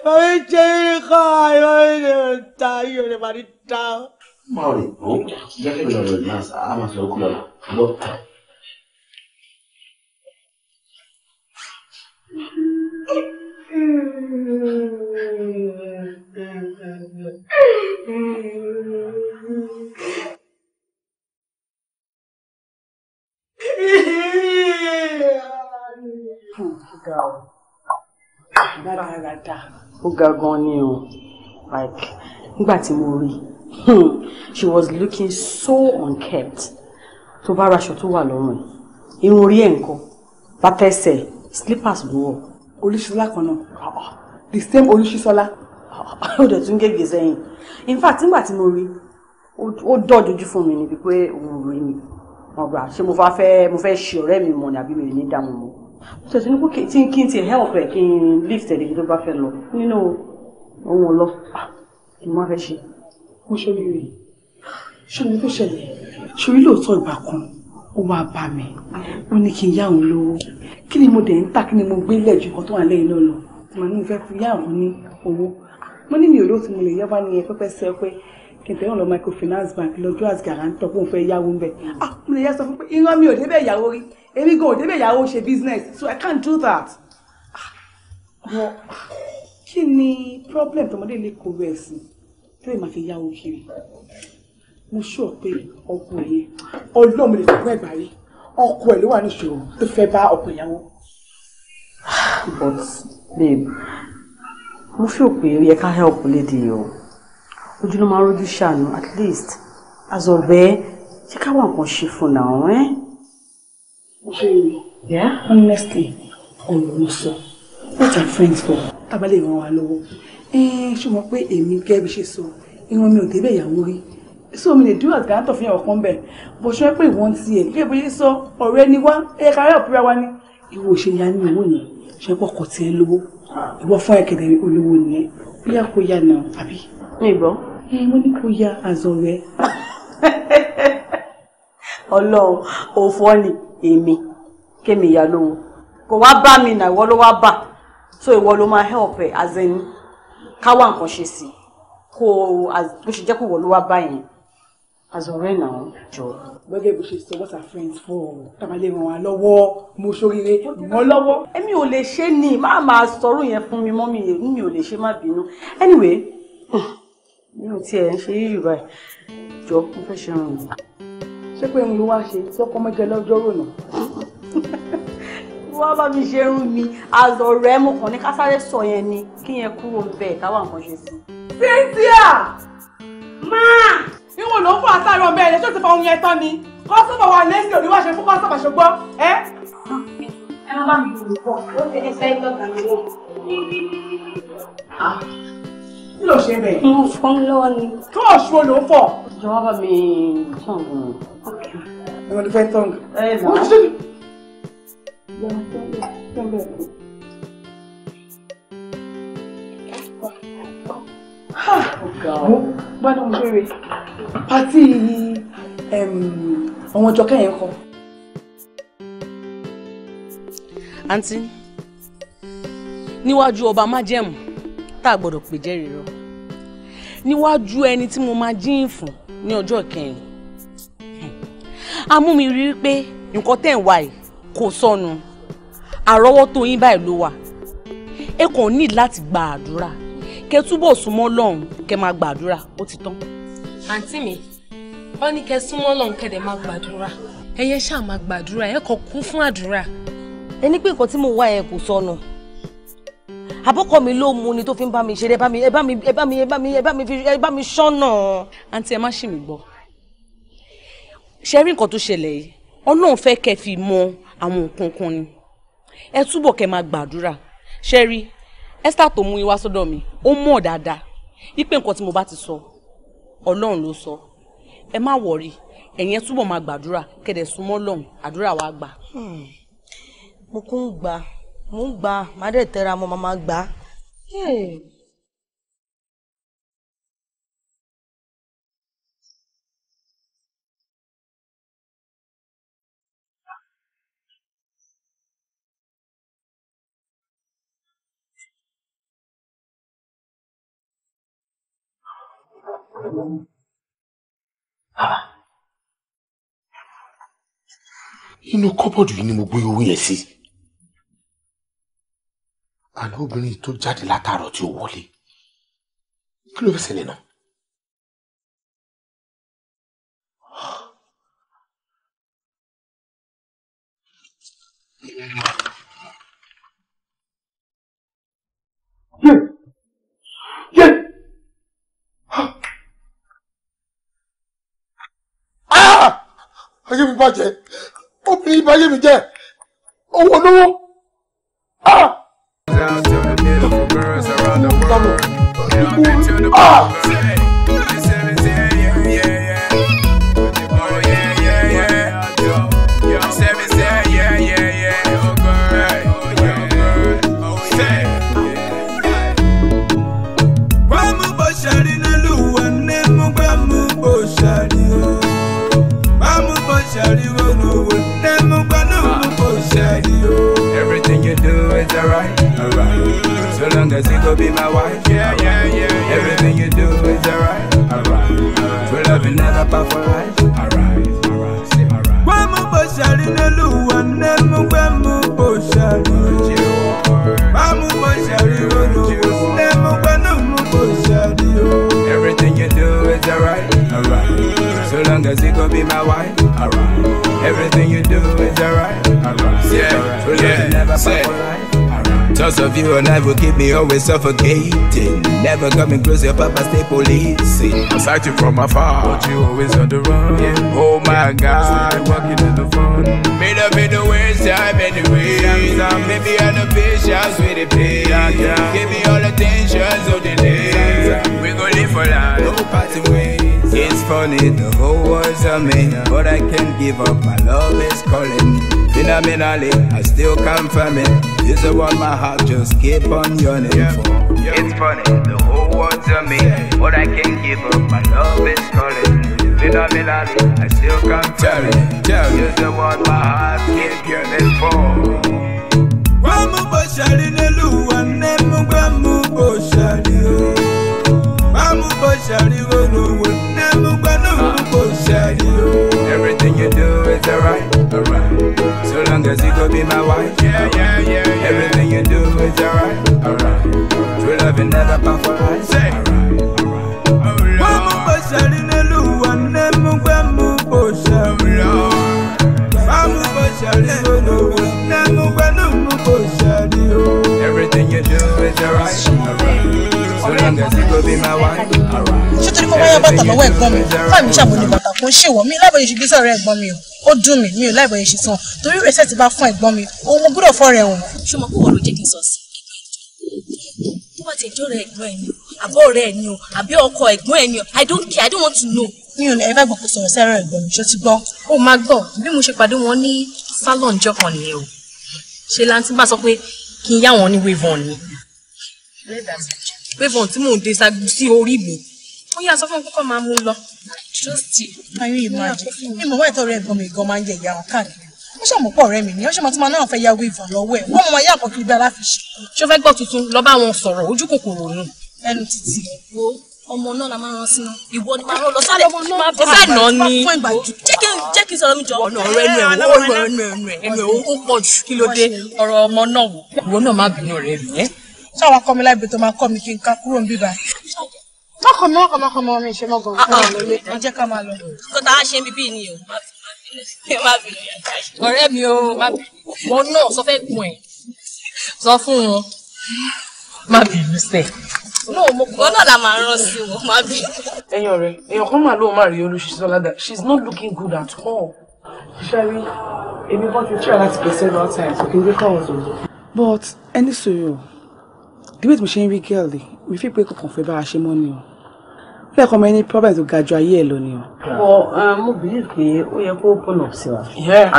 S4: ìbọn bẹ jẹ ìrìn kan ìbọn bẹ jẹ ta yóò lè máa ta. máa rè ó jẹ́ kí ìlọrin náà sá
S2: a máa sọ kú lọ́la
S5: gbọ́. Mm-hmm.
S4: dáadáa ó ga gan ni o like nígbà tí mo rí hmm, she was looking so unkept tó bá raṣọ tó wà lọ́rùn irun orí ẹ̀ nǹkan bàtà ẹsẹ̀ slippers ló wọ̀. olùsọlá kan náà the same olùsọlá ó dẹ̀ tún gègé sẹ́yìn in fact nígbà tí mo rí ó dọ̀ dojú fún mi ni pé òun rí mi ọgbà ṣé mo fẹ́ mo fẹ́ ṣe ọ̀rẹ́ mi mọ̀ ni àbí mi ò ní dààmú mọ́ tẹ̀sí ní kókè tí kí n ti help ẹ̀ kí n lift ẹ̀ débi tó bá fẹ́ lọ nínú ohun ọ̀lọ́ ah, kí n má fẹ́ ṣe. mo ṣe orí rẹ̀ ṣé omi tó ṣẹlẹ̀ ṣe orí lóòótọ́ ìgbà kan ó wáá bá mi ó ní kí n yá òun lówó kí ni mo dẹ̀ ń tà kí ni mo gbé lẹ̀ ju tó wà lẹ́yìn náà lọ mo ní fẹ́ fi yá òun ní owó ah, mo ní mi ò lóòótọ́ mo lè yá bá ní ẹ pẹ́pẹ́ sẹ́ pé kí n microfinance bank lọ́jọ́ as guarantor kó fẹ́ yáwó ń bẹ̀. ah mo lè yẹ sọ fún pé irán mi ò débẹ̀ ìyàwó rí èmi gan ò débẹ̀ ìyàwó ṣe business so i can't do that. Ah, wọ́n kí ni problem tọmọdé lè kó rẹ̀ sí tí máa fi yáwó kiri mo sọ pé ọkọ yẹn ọlọ́mọ lè fún ẹgbàá rí ọkọ ẹ̀ ló wà níṣòro tó fẹ́ bá ọkọ ìyàwó. but babe mo feel pé ó yẹ ká help lady o ojú ló máa rójú ṣàánú at least azọ̀bẹ́ ṣé káwọn kan ṣe fún náà ẹ́. Eh? yeah honestly ọ̀rọ̀ ló sọ what are friends for tábà lè ràn wá lọ́wọ́ ṣé mo pé èmi gẹ́gẹ́ bí ṣe sọ irun mi ò débẹ̀ ìyàwó rí so mi lè dúró àgbà tó fi hàn ọkàn bẹ̀ bó ṣe pé ìwọ̀n ti ẹ̀ bí ebí sọ ọ̀rẹ́ ni wá ẹ̀ka rẹ̀ òpúra wa ni ìwọ ṣe ya ní owó yẹn ṣe pọ̀ kọ̀ tiẹ̀ lówó ìwọ fún ẹ̀kẹ̀dẹ̀ olówó nìyẹn bí a kò yá náà àbí. mi gbọ́ mo ní kó ya àzọ̀rẹ́. ọlọ́run òfò ni èmi kémi ìyá lóhun kò wá bá mi nà ìwọ ló wá bà so ìwọ ló máa help ẹ azẹni káwá nǹkan ṣe sí kó bó ṣe jẹ́ kó ìwọ ló wá bá yẹn àzọ̀rẹ́ náà jọ. gbẹ́gẹ́ bó ṣe sọ what are friends for tàbálẹ̀ ràn wá lọ́wọ́ mo ṣoríire mọ́ lọ́wọ́. èmi ò lè ṣe ni má máa sọ̀rọ̀ yẹn fún mi mọ́ mi mi ò lè ṣe má bínú anyway mi ò tiẹ̀ ń ṣe yíyù báyìí jọ mo fẹ́ ṣe ràn mí. ṣé pé mo wá ṣe tọkọ mẹ́jọ lọ́jọ́ rònà. wá bá mi ṣe irun mi àzọ rẹ mo kàn ní ká sáré sọ yẹn ni kí yẹn kúrò bẹ́ẹ̀ káwá nǹkan ṣe sí. Cynthia máa ìwọ̀n ló ń fún àṣàrò ọmọ ẹ̀rẹ́ tó ti fa ohun yẹn tán ni kọ́sọ́mọ̀ wa lẹ́sìn òní wá ṣe fún kọ́sọ́mọ̀ ṣùgbọ́n ẹ́. ẹ má bá mi lò pọ̀ ó ti ẹsẹ̀ ìtọ́ka mi wọ̀ kí ló ṣe bẹ́ẹ̀. mo fọ́ ń lọ́wọ́ ni. tọ́ọ̀ṣù wo ló ń fọ̀. ìjọba bá mi tọ̀ǹgù. ẹ wọ́n ti fẹ́ tọ̀ǹgù. ẹ nà. wọ́n ti ṣe. ìyá tẹ́lẹ̀ tẹ́lẹ̀ kù. mo gbádùn béèrè pàtí ọmọ jọkẹ́ yẹn kọ. àǹtí níwájú ọba májẹ̀mú tá a gbọ́dọ̀ pè jẹ́rìí rọ níwájú ẹni tí mo máa jíyìn fún ní ọjọ́ kẹrin amúmi rí pé nǹkan tẹ̀ ń wá yìí kò sọnù àrọ́wọ́tó yín báyìí ló wà ẹ kàn ní láti gba àdúrà kẹ túbọ̀ súnmọ́ Ọlọ́run kẹ máa gbàdúrà ó ti tán. àǹtí mi wọ́n ní kẹ súnmọ́ Ọlọ́run kẹ́ dẹ̀ máa gbàdúrà ẹ̀yẹ ṣáà máa gbàdúrà ẹ̀ kàn kún fún àdúrà. ẹni pé nǹkan tí mo wá yẹn kò sọnù. So àbọ̀kọ mi ló mu ni tó fi ń bá mi ṣeré ẹ bá mi ẹ bá mi ẹ bá mi ẹ bá mi ẹ bá mi ẹ bá mi ṣọ́nà. àǹtí ẹ má ṣì mí gbọ́ ṣe rí nǹkan tó ṣẹlẹ̀ yìí ọlọ́run fẹ́ kẹ́ fi mọ àwọn nǹkan kan ni ẹ túbọ̀ kẹ́ máa gbàdúrà ṣe Esther tó mú iwá sọ́dọ̀ mi ó mọ̀ dáadáa wípé nǹkan tí mo bá ti sọ ọlọ́run ló sọ ẹ má wọ̀rí ẹ̀yin ẹ túbọ̀ máa gbàdúrà kẹ́dẹ̀ mo ń ma má dẹ̀ tẹ́ra mọ́ màmá gbà.
S1: Inú kọ́bọ̀dù yìí ni mo gbé owó yẹn sí.
S5: àná obìnrin tó jáde látàárọ̀ tí ó wọlé kí ló fẹ́ ṣẹlẹ̀ náà.
S2: Ah! Ayé mi bàjẹ́, obìnrin ibà mi jẹ́, owó lówó. Ah! beautiful girls
S3: around the world. ah! to be my wife. Yeah, yeah, yeah. yeah. Everything you do is alright. Alright. Right. We're loving that up for life. Alright. alright. Boshari loluwa nemu gbemu boshari Mamu boshari loluwa nemu gbenumu boshari Everything you do is alright, alright So long as you go be my wife, alright Everything you do is alright, alright Yeah, yeah, yeah. Thoughts of you and I will keep me always suffocating. Never coming close, your papa stay policing. I sight you from afar, but you always on the run. Yeah. Oh my God, so walking in the fun. Made up in the waste time anyway. Sometimes maybe I'm the patience with the pain. Yeah, yeah. Give me all attention, so delay. We gon' live for life, no parting ways. It's funny, the whole world to me, but I can't give up. My love is calling. Phenomenally, I still confirm it. This is what my heart just keep on yearning yeah. for. Yeah. It's funny, the whole world's on me, but I can't give up. My love is calling. Phenomenally, I still can't tell it. Tell you the one my heart keep yearning for. Wamu boshali nelu wanemu wamu o. Everything you do is alright, alright. So long as you go be my wife, yeah, yeah, yeah. Everything you do is alright, alright. True love you never pass by. Say, alright, alright. Everything you do is alright, alright. ṣé torí mo wáyà bàtà lọ́wọ́ ẹ̀gbọ́n mi fáìmù ṣàbò
S4: ní bàtà kò ń ṣèwọ́ mi lábòye ṣe gbèsè ọ̀rẹ́ ẹ̀gbọ́n mi o ó dùn mí mi ò láìbòye ṣe tán torí rẹsẹ̀ ti bá fún ẹ̀gbọ́n mi òun mo gbọ́dọ̀ fọ́ rẹ̀ wọ̀n. ṣé mo kó wọ́n ló jẹ́ kí n sọ i ti ẹjọ́ rẹ ẹ̀gbọ́n ẹ̀ ni àbọ̀ rẹ ẹ̀ ni o àbí ọkọ ẹ̀gbọ́n ẹ̀ ni o I don't care I don't want to know. mi ò ní ẹ bá gbọ́ kó sọ̀rọ̀ sẹ́rọ̀ ẹ̀gbọ́n mi ṣó ti gbọ́. ó máa gbọ́ bí mo ṣe pàdé wọn ní salon jọkàn nìyẹn o ṣe lantin bá sọ pé kí n yá wọn ní wave on ni pavement tí mò ń dé sí orí mi ó yà sọ fún mi kókó máa mú lọ. just ayé ìmájẹ mi mọ̀ wá ìtọ́rẹ́ ẹ̀gbọ́n mi gan máa ń jẹ ìyá wọn káàkiri ó ṣàmùpọ̀ ọ̀rẹ́ mi ni ó ṣe máa tún máa náà fẹ́ yàwó ìfà lọ́wọ́ ẹ̀ wọ́n mọ̀ máa yá àpọ̀ kiri bí aláfiṣe. ṣé o fẹ́ gbọ́ tuntun lọ bá wọn sọ̀rọ̀ ojú kòkòrò nù. ẹnu títì wo ọmọ náà la máa rán sínú ìwọ ni máa rán lọ sálẹ̀ o fẹ́ nà ni jẹ́ kí n sọ̀rọ̀ mi jọ. ọ̀nà ọ̀rẹ́ nu ẹ̀ wọ́n ọ̀rẹ́ nu ẹ̀ nu ẹ̀ nu ẹ̀ ó pọ̀ jù kí ló dé ọ̀rọ̀ ọmọ náà wò. ìwọ náà má bínú ọ̀rẹ́ mi ẹ́ ṣé àwọn akọ́mi láìpẹ́ tó máa kọ́ mi kí n ká kúrò ń bíbá. mọ́kàn mi mọ́kàn mọ́kàn mọ́ mi ṣe mọ́ gan-an fún mi lórí. ẹ jẹ́ ká máa lọ. kó tá a ṣe bíbí ni o ọ̀rẹ́ mi o wọn náà sọ fẹ́ gùn ẹ̀ sọ fún wọn má bínú sẹ́ẹ̀ wọn náà la máa rán sí wọn má bínú. ẹ̀yin ọ̀rẹ́ èèyàn kan máa lóun máa rí Olúṣisọ́lá dà she is not looking good at all. ṣẹ́rí èmi bọ́ ti try láti pèsè lọ́tà ẹ̀ tó kí n gbé kọ́ ọ̀dọ̀. but ẹni sòrò the way tí mo ṣe ń rí gẹ́ẹ̀lì mi fi pé kọ̀ọ̀kan fẹ́ bá a ṣe mọ́ ni o fẹ́ kọ́ mọ ẹni problem tó ga ju ayé ẹ̀ lọ ni o. well um, mo believe pé ó yẹ kó open up sí wa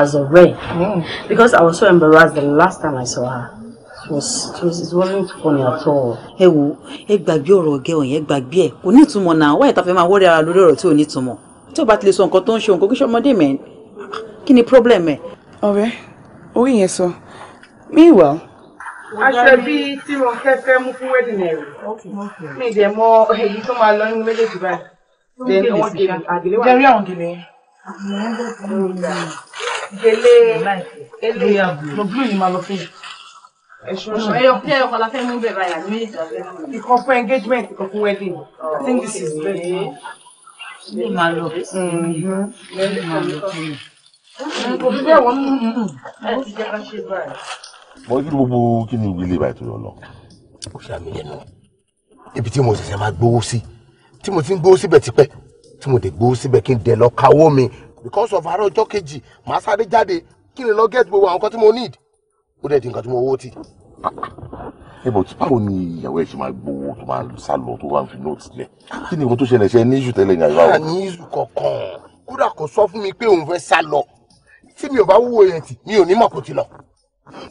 S4: as of right mm. because I was so embarrassed the last time I saw her it was it was it wasn't funny at all. ẹ wo ẹ gbàgbé ọ̀rọ̀ ọ̀gẹ́ ọ̀yẹ́ gbàgbé ẹ̀ kò ní ìtumọ̀ náà wáyé tá a fẹ́ máa wọ́rẹ́ ara lórí ọ̀rọ̀ tí ò ní ìtumọ̀ tí o bá ti lè sọ nǹkan tó ń ṣe nǹkan kí ṣọmọdé mẹ́ kí ni problem ẹ̀. ọ̀rẹ́ orí yẹn sọ meanwhile aṣọ ẹbí tí mo fẹ́ fẹ́ mú fún wedding ẹ̀ rẹ̀ mi dẹ̀ mọ èyí tó máa lọ nínú méjèèjì báyìí then wọ́n gèlè àgèlè wà. jẹ́rí àwọn gèlè yẹn. gèlè ele lo blue ni ma lọ fún mi. Ẹyọ kí ẹyọ kan la fẹ́ mú bẹ̀ báyà ní méjèèjì la fẹ́ mú. Ìkan fún engagement ìkan fún wedding. I think this is best. Ṣé màá lọ? Mm-hmm. Ṣé màá lọ? Kò fi bẹ́ẹ̀ wọ́n mú. Ẹ ti jẹ́ ká ṣe báyìí
S6: mo kí gbogbo kí ni ìwé ilé ìbá ètò ìrọ̀lọ́.
S2: ó ṣàmì lẹ́nu
S6: ibi tí mo ṣẹ̀ṣẹ̀ máa gbowó sí tí mo ti ń gbowó
S2: síbẹ̀ tipẹ́ tí mo dé gbowó síbẹ̀ kí n dẹ̀ lọ kawó mi because of àárọ̀ ọjọ́ kejì màá sáré jáde kí n lọ get gbogbo àwọn nǹkan tí mo need ó dẹ̀ di nǹkan tí mo wó tì.
S6: ebo tí báwo ni ìyàwó ẹ ṣe máa gbowó tó máa sá lọ tó máa fi nóòtì lẹ kí ni nǹkan tó ṣẹlẹ̀ ṣe ní ìṣù tẹ́lẹ̀ ní àyíwá o. ní ìṣù kankan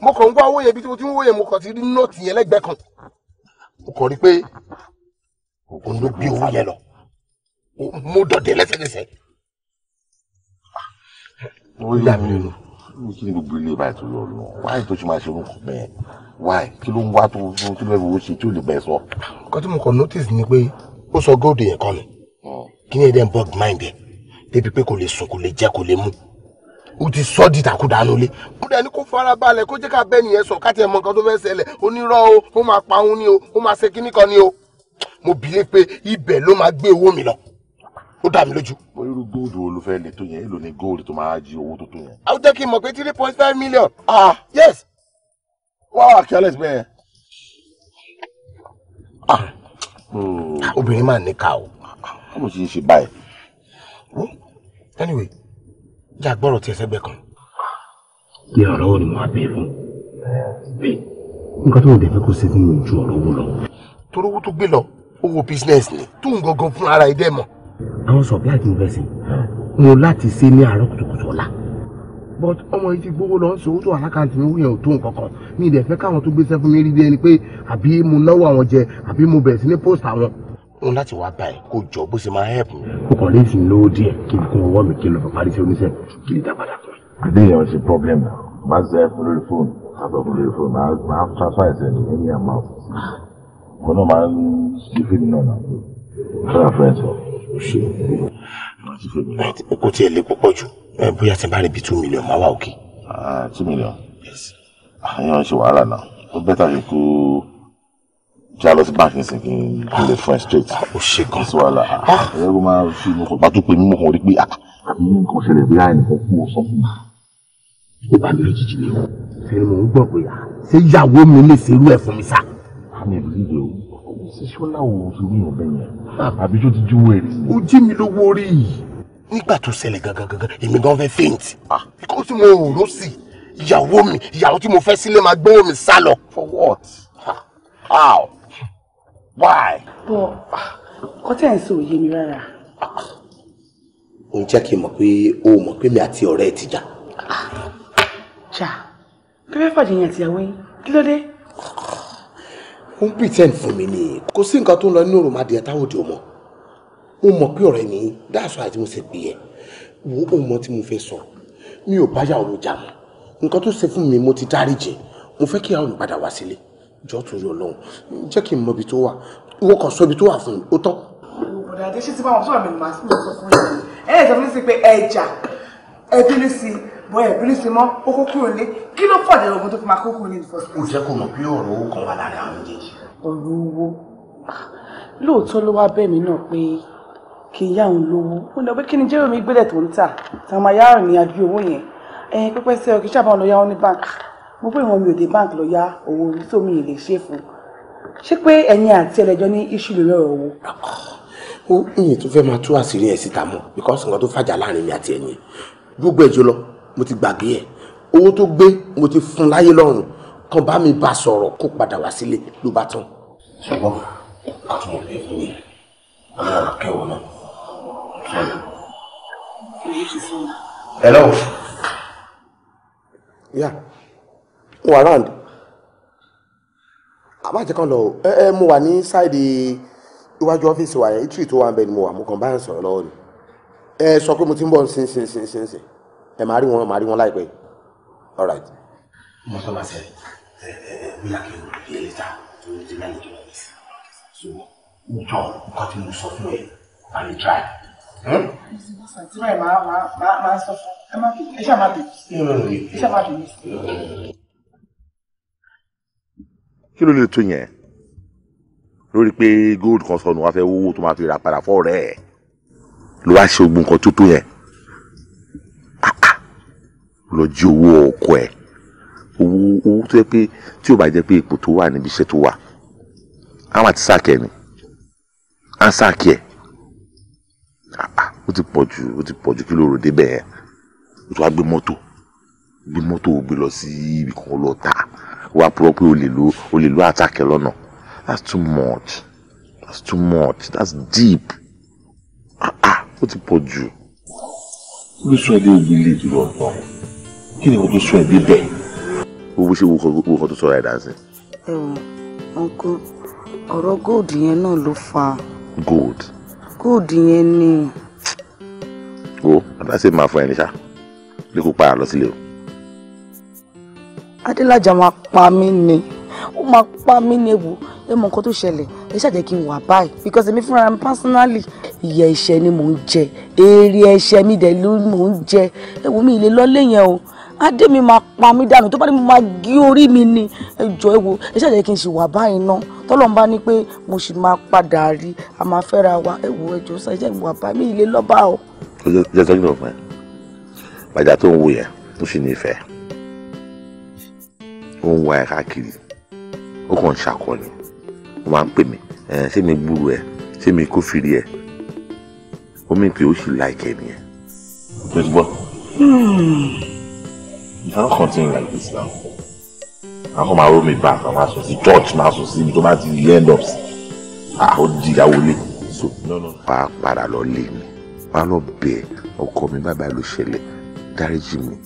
S2: mo kàn ń wá owó yẹn bí mo ti mo kàn ti rí nọ́ọ̀tì yẹn lẹ́gbẹ̀ẹ́ kan mo kàn rí pé
S5: òun ló gbé owó
S2: yẹn lọ mo dọ̀dẹ̀ lẹ́sẹ̀kẹsẹ̀.
S6: ó yà mí lò kí ni gbogbo ilé ìbáyìí tó yọ lọ wáyé tó ṣe máa ṣe orúkọ bẹ́ẹ̀ wáyé kí ló ń wá tó tó lẹ́nu owó ṣe tí ò lè bẹ́ẹ̀ sọ.
S2: nǹkan tí mo kàn notice ni pé
S6: ó sọ góòdù yẹn kan mi
S2: hmm. kí ni ẹ̀ bug mind ẹ̀ débi pé kò lè sùn kò lè jẹ kò lè mu o ti sọ di takùdà nulẹ̀ mo dẹ̀ ní kó fara balẹ̀ kó jẹ́ ká bẹ́ẹ̀ nìyẹn sọ káti ẹ̀ mọ nǹkan tó fẹ́ ṣẹlẹ̀ onírọ́ o ó máa pa òun ni o ó máa ṣe kíní kan ni o mo bìlẹ̀ pé ibẹ̀ ló máa gbé owó mi lọ
S6: ó dá mi lójú. mo irú góòlù wo ló fẹ́ lè tó yẹn èlò ni góòlù tó máa jí owó tó tó yẹn.
S2: àwọn jẹ́ kí n mọ̀ pé three point five million ah, ah yes wá wà kí ọlẹ́sì bẹ́ẹ̀. Ah. Hmm. obìnrin máa ní ká o.
S6: kọ́mọ̀ ṣe ń ṣe báyìí.
S2: anyway já gbọ́rọ̀ tí ẹsẹ̀ gbẹ kan. ní ọ̀rọ̀ wo ni mo wá bẹ̀ fún bẹ́ẹ̀ nǹkan tó ń dẹ̀ fẹ́ kó ṣe fún mi ju ọ̀rọ̀ owó lọ. torí owó tó gbé lọ owó business ni tó ń gangan fún ara ẹ̀ dẹ́ mọ̀. àwọn supply ti ń fẹ́ sí mo láti ṣe ní àárọ̀ kùtùkùtù ọ̀la but ọmọ yìí ti gbowó lọ sí owó tó wà lákàtí mi wúyẹn ò tó nǹkan kan mi ì dẹ̀ fẹ́ káwọn tó gbéṣẹ́ fún mi rí bí ẹni pé àbí mo náwó àwọn jẹ àbí mo bẹ̀rẹ̀ sí ní post àwọn n láti wá báyìí kó jọ bó ṣe
S6: máa help mi. o kàn léèsì lówó díẹ̀ kí n kún ọwọ́ mi kí n lọ fọ parí sí oníṣẹ́ kí n dá padà fún mi. ìdí ìyẹn ò ṣe problem bá ṣe ẹ fún lórí fóònù àbọ̀ fún lórí fóònù máa transfer ẹ̀sẹ̀ ní ẹni àmọ́ mo náà máa ń ṣe fíìmù náà náà fẹ́ràn fẹ́ràn sọ. kò tiẹ̀ lé púpọ̀ jù bóyá tí n bá rí bíi two million máa wà òkè. Ah, two million àyàn ah, ṣe wàhálà náà ó bẹ́tà ṣe kú kí a lọ sí báńkì nísìnyí kí n lè fún ẹ straight. Ah, ó ṣe kan sí wàhálà ah. ẹ kó máa fi mo kàn pàtó pé mímọ̀ kan rí pé ah, àbí ṣẹlẹ̀ bí àìní kan kú ọ̀sán fún mi. ó bá mi lójijì ni o. ṣé mo ń gbọ́ bóyá ṣé ìyàwó mi lè ṣerú ẹ̀ fún mi sá. àmì ìrírí o ṣé ṣọlá ò fi rí ọ̀bẹ yẹn àbí tó ti júwèé
S2: rẹ̀. ó jí mi lówó rí i. nígbà tó ṣẹlẹ̀ gangan èmi gan fẹ́ faint. because mo ò rò sí ìyàwó mi ìyàwó tí mo fẹ́ sílé máa gbé omi sá lọ. for what? how? why.
S4: bọ kọtẹ ẹ sọ òye mi rárá.
S2: òun jẹ́ kí n mọ̀ pé o mọ̀ pé mi àti ọ̀rẹ́ ẹ ti jà.
S4: jà pẹ́pẹ́ fàdé yẹn àtìyàwó yín kí ló dé.
S2: ó ń pretend fún mi ni kò sí nǹkan tó ń lọ nínú òròmọdìyẹ táwọn òde ò mo mọ̀ pé ọ̀rẹ́ ni dáàsọ àti mo sì pè é wo ọmọ tí mo fẹ́ sọ mi ò bá yà ọ́ mi jà mọ́ nǹkan tó ṣe fún mi mo ti dáríjì mo fẹ́ kí àwọn mi wá sílé jọ tún yọ lọ́hùn jẹ́ kí n mọ ibi tó wà ìwọ kan sọ ibi tó wà fún mi ó tán.
S4: ọ̀dà àti ṣé tí báwọn sọ̀rọ̀ mi ni màá sì lọ fún yín ẹ̀ ẹ̀ sọ sí pé ẹja ẹbínú sí i bọ́ ẹbínú sí i mọ́ ó kó kúrò lé kí ló fọ̀dẹ̀ ogun tó fi máa kó kúrò ní ìfọ̀sí. kò mọ̀ pé
S2: ọ̀rọ̀ owó kan wà lára
S4: àwọn méjèèjì. ọ̀rọ̀ owó lóòótọ́ ló wá bẹ̀ mí náà pé kì í yá òun lówó ó lọ pé kí ni jẹ́rọ̀ gbélẹ̀ tó ń tà tàmáyà ní adúgbò owó yẹn ẹ̀ pẹ́pẹ́ sẹ́yọ̀ kì í sábà ọ̀nà yá ní báńkì mo pé ìwọ̀n mi ò dé bank lọ yá owó sómi ìlè ṣe fún ṣé pé ẹ̀yin àti ẹlẹ́jọ́ ní issue lórí ọ̀rọ̀ owó. ó ìyẹn tó
S2: fẹ́ máa tú àṣírí ẹ̀ síta mọ́ because nǹkan tó fàjà láàrin mi àti ẹ̀yin gbogbo ẹ̀jọ́ lọ mo ti gbàgbé ẹ̀ owó tó gbé mo ti fún láyé lọ́rùn kan bá mi bá sọ̀rọ̀ kó padà wá sílé ló bá tán. ṣùgbọ́n
S6: àtúmọ̀ lè mi àwọn ọ̀rọ̀ kẹwọ́ náà
S2: mo wà round àbájẹ kan lọ ẹ ẹ mo wà ní sáìdì iwájú ọ́fíìsì wa yẹn ìtúrì tó wà ń ni mo wà mo kàn bá ń sọ̀rọ̀ lọ́wọ́ ni ẹ sọ pé mo ti ń bọ̀ sin sin sin sin sin ẹ máa rí wọn máa rí wọn láìpẹ́ all right.
S1: mo tọ́ ma sẹ́yìn ẹ ẹ
S2: bóyá kí n lè lè ta tó ń di mẹ́rin jùlọ ní sí i jọ nǹkan tí mo sọ fún ẹ wà ní try.
S4: tí wọ́n yẹ máa máa ẹ máa bì
S3: ẹ
S4: ṣáà máa kí ló lè
S6: tó yẹn lórí pé gold kan sọnù wàá fẹ́ wówó tó máa fi rà padà fọ́ọ̀rẹ́ ẹ̀ ló wá ṣe ogun kan tó tó yẹn ah, ah. lọ jí owó ọkọ ẹ̀ owó owó tó yẹ pé tí ò bá jẹ́ pé ipò tó wà níbi iṣẹ́ tó wà àwọn àti sáàkì ẹ̀ ni à ń sáàkì ẹ̀ ah, ó ti pọ̀ ó ti pọ̀ kí ló rò débẹ̀ ó tún wá gbé mọ́tò gbé mọ́tò gbé lọ sí ibi kan lọ tà á wàá purọ́ pé o lè lo that's too much that's too much that's deep ah ah ó ti pọ̀ jù. kí ló sọ ẹ́ dé òbí lè dúró ọ̀gbọ́n kí ni mo tún sọ ẹ́ dé bẹ́ẹ̀. owó ṣe wo kan tó sọ ọ́ ẹ̀dá sí. ẹ
S4: wò ọkọ ọ̀rọ̀ gold yẹn náà ló fa. gold. gold yẹn ni.
S6: o àdá máa fún ẹni ṣá ní kó para lọ sílé o.
S4: Adélájà máa pa mí ni ó máa pa mí ni ewu ẹ mọ nǹkan tó ṣẹlẹ̀ ẹ ṣàjẹ́ kí n wà báyìí because èmi fúnra mi personally ìyà ẹ̀ṣẹ̀ ni mò ń jẹ èrè ẹ̀ṣẹ̀ mi dẹ̀ ló mò ń jẹ ewu mi ìlé lọ́lé yẹn o adé mi máa pa mí dànù tó bá ní mo máa gé orí mi ni ẹ jọ̀ọ́ ẹ wò ẹ ṣàjẹ́ kí n ṣì wà báyìí ná tọ́lọ́n bá ní pé mo sì máa padà rí a máa fẹ́ra wa ẹ wò ẹ jọ̀ọ́ sọ ẹ báyìí mi ìlé lọ́ba o.
S6: jẹ́ tọ́jú náà fún ẹ bàjá tó ń wo yẹn tó sì nífẹ̀ẹ́ ó ń wá ẹ káàkiri ó kàn ń ṣàkọni ó máa ń pè mí ẹ ṣé mi gbúrú ẹ ṣé mi kófìrí ẹ ó mì pé ó sì láìkẹ́ nìyẹn. tó gbọ́ you continue like this now àwọn máa roll me back àwọn máa sọ sí church máa sọ sí ibi tó bá ti end up sí àwọn ah, jìyàwó lé so wà á padà lọ lé mi wà á lọ bẹ̀ ọkọ mi bàbá ló ṣẹlẹ̀ dáríjì mi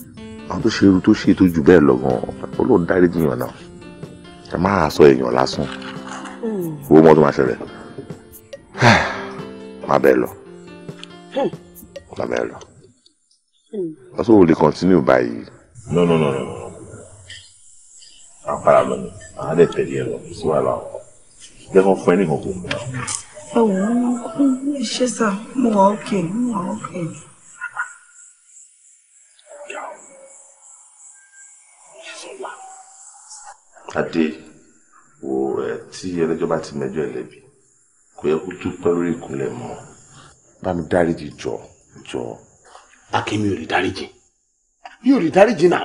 S6: àwọn tó ṣe irú tó ṣe tó jù bẹ́ẹ̀ lọ gan Ọlọ́run dárí jiyàn náà ẹ máa sọ èèyàn lásán hmm. owó mọ́tò máa ṣẹlẹ̀ má bẹ́ẹ̀ lọ hmm. má bẹ́ẹ̀ lọ ọsọ wo lè continue báyìí. no no no no àwọn para lọ ni àwọn adé tẹ̀lé ẹ lọ sí wàhálà ọkọ jẹ́ kó fún ẹ ní ìkọ̀kọ̀.
S4: ẹ wò ó ṣe sá mo wà ókè mo wà ókè.
S6: pàdé wo ẹ eh, tí ẹlẹ́jọ́ bá ti mẹ́jọ́ ẹ lẹ́bi kò yẹ kó tún pẹ́ lórí ìkúnlẹ̀ mọ́ bá mi dáríjì jọ jọ. akin mi ò lè dáríjì
S2: mi ò lè dáríjì náà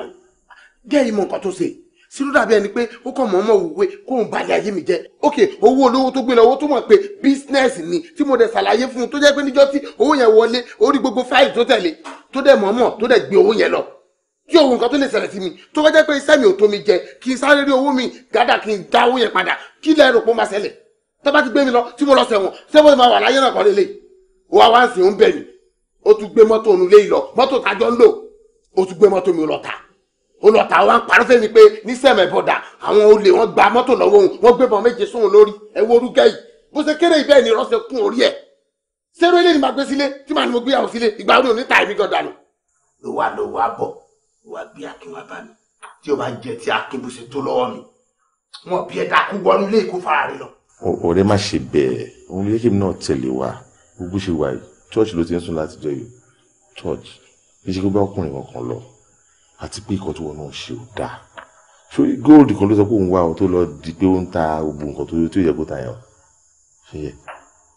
S2: jẹ́ ìmọ̀ nǹkan tó ṣe sínú dàbí ẹni pé ó kàn mọ́mọ́ òwe kó ń balẹ̀ ayé mi jẹ́ ok owó olówó tó gbé lọ owó tó mọ̀ pé bísínẹ́sì ni tí mo dẹ̀ ṣàlàyé fún un tó jẹ́ pé níjọ́ tí owó yẹn wọlé orí gbogbo fáìlì tó tẹ̀lé tó dẹ̀ mọ̀ọ́mọ̀ tó dẹ̀ gbé owó yẹn lọ kí ohun kan tó lè ṣẹlẹ̀ sí mi tó fẹ́ jẹ́ pé iṣẹ́ mi ò tó mi jẹ kí n sáré rí owó mi gádà kí n dá owó yẹn padà kí lẹ́rù pé ó máa ṣẹlẹ̀ tó bá ti gbé mi lọ tí mo lọ sẹ̀wọ̀n sẹ́wọ̀n máa wà láyé náà kọ́ lélẹ̀ wà wá ń sìn ń bẹ̀ mí ó tún gbé mọ́tò òun lé yìí lọ mọ́tò tájọ́ ń lò ó tún gbé mọ́tò mi lọ ta ó lọ ta wá ń parọ́ fẹ́mi pé ní sẹ́mẹ̀ bọ̀dà àwọn olè wọn gba mọ́tò lọ́wọ́ òun wọ́n gbé bọn méje sóhun lórí ẹ wo orúkẹ́ yìí bó ṣe kéré ìbẹ́ẹ̀ ni rọ́ṣẹ́ kún orí ẹ̀ ṣé eré ilé ni màá gbé sílé tí màá ní mo gbéyàwó sílé ìgbà orí òní ta ìmí gan dànù. ló wá bọ̀ wá gbé akin wá bá mi tí o bá jẹ tí akin bó ṣe tó lọ́wọ́ mi wọn bí ẹ dákú wọnú ilé ìkó fara rẹ lọ.
S6: ọ̀rẹ́ má ṣe bẹ́ẹ̀ òun yẹ kí mi náà tẹ̀lé wa gbogbo ṣe wà yìí church ló ti ń sùn láti jẹ yìí church kì í ṣe kó bá ọkùnrin kankan lọ àti pé ìkan tí wọn ṣe ò dáa ṣó gold kan ló sọ pé òun wá ọ tó lọ di pé ó ta ògbó nǹkan tó tó yẹ kó ta yẹn ṣe yẹ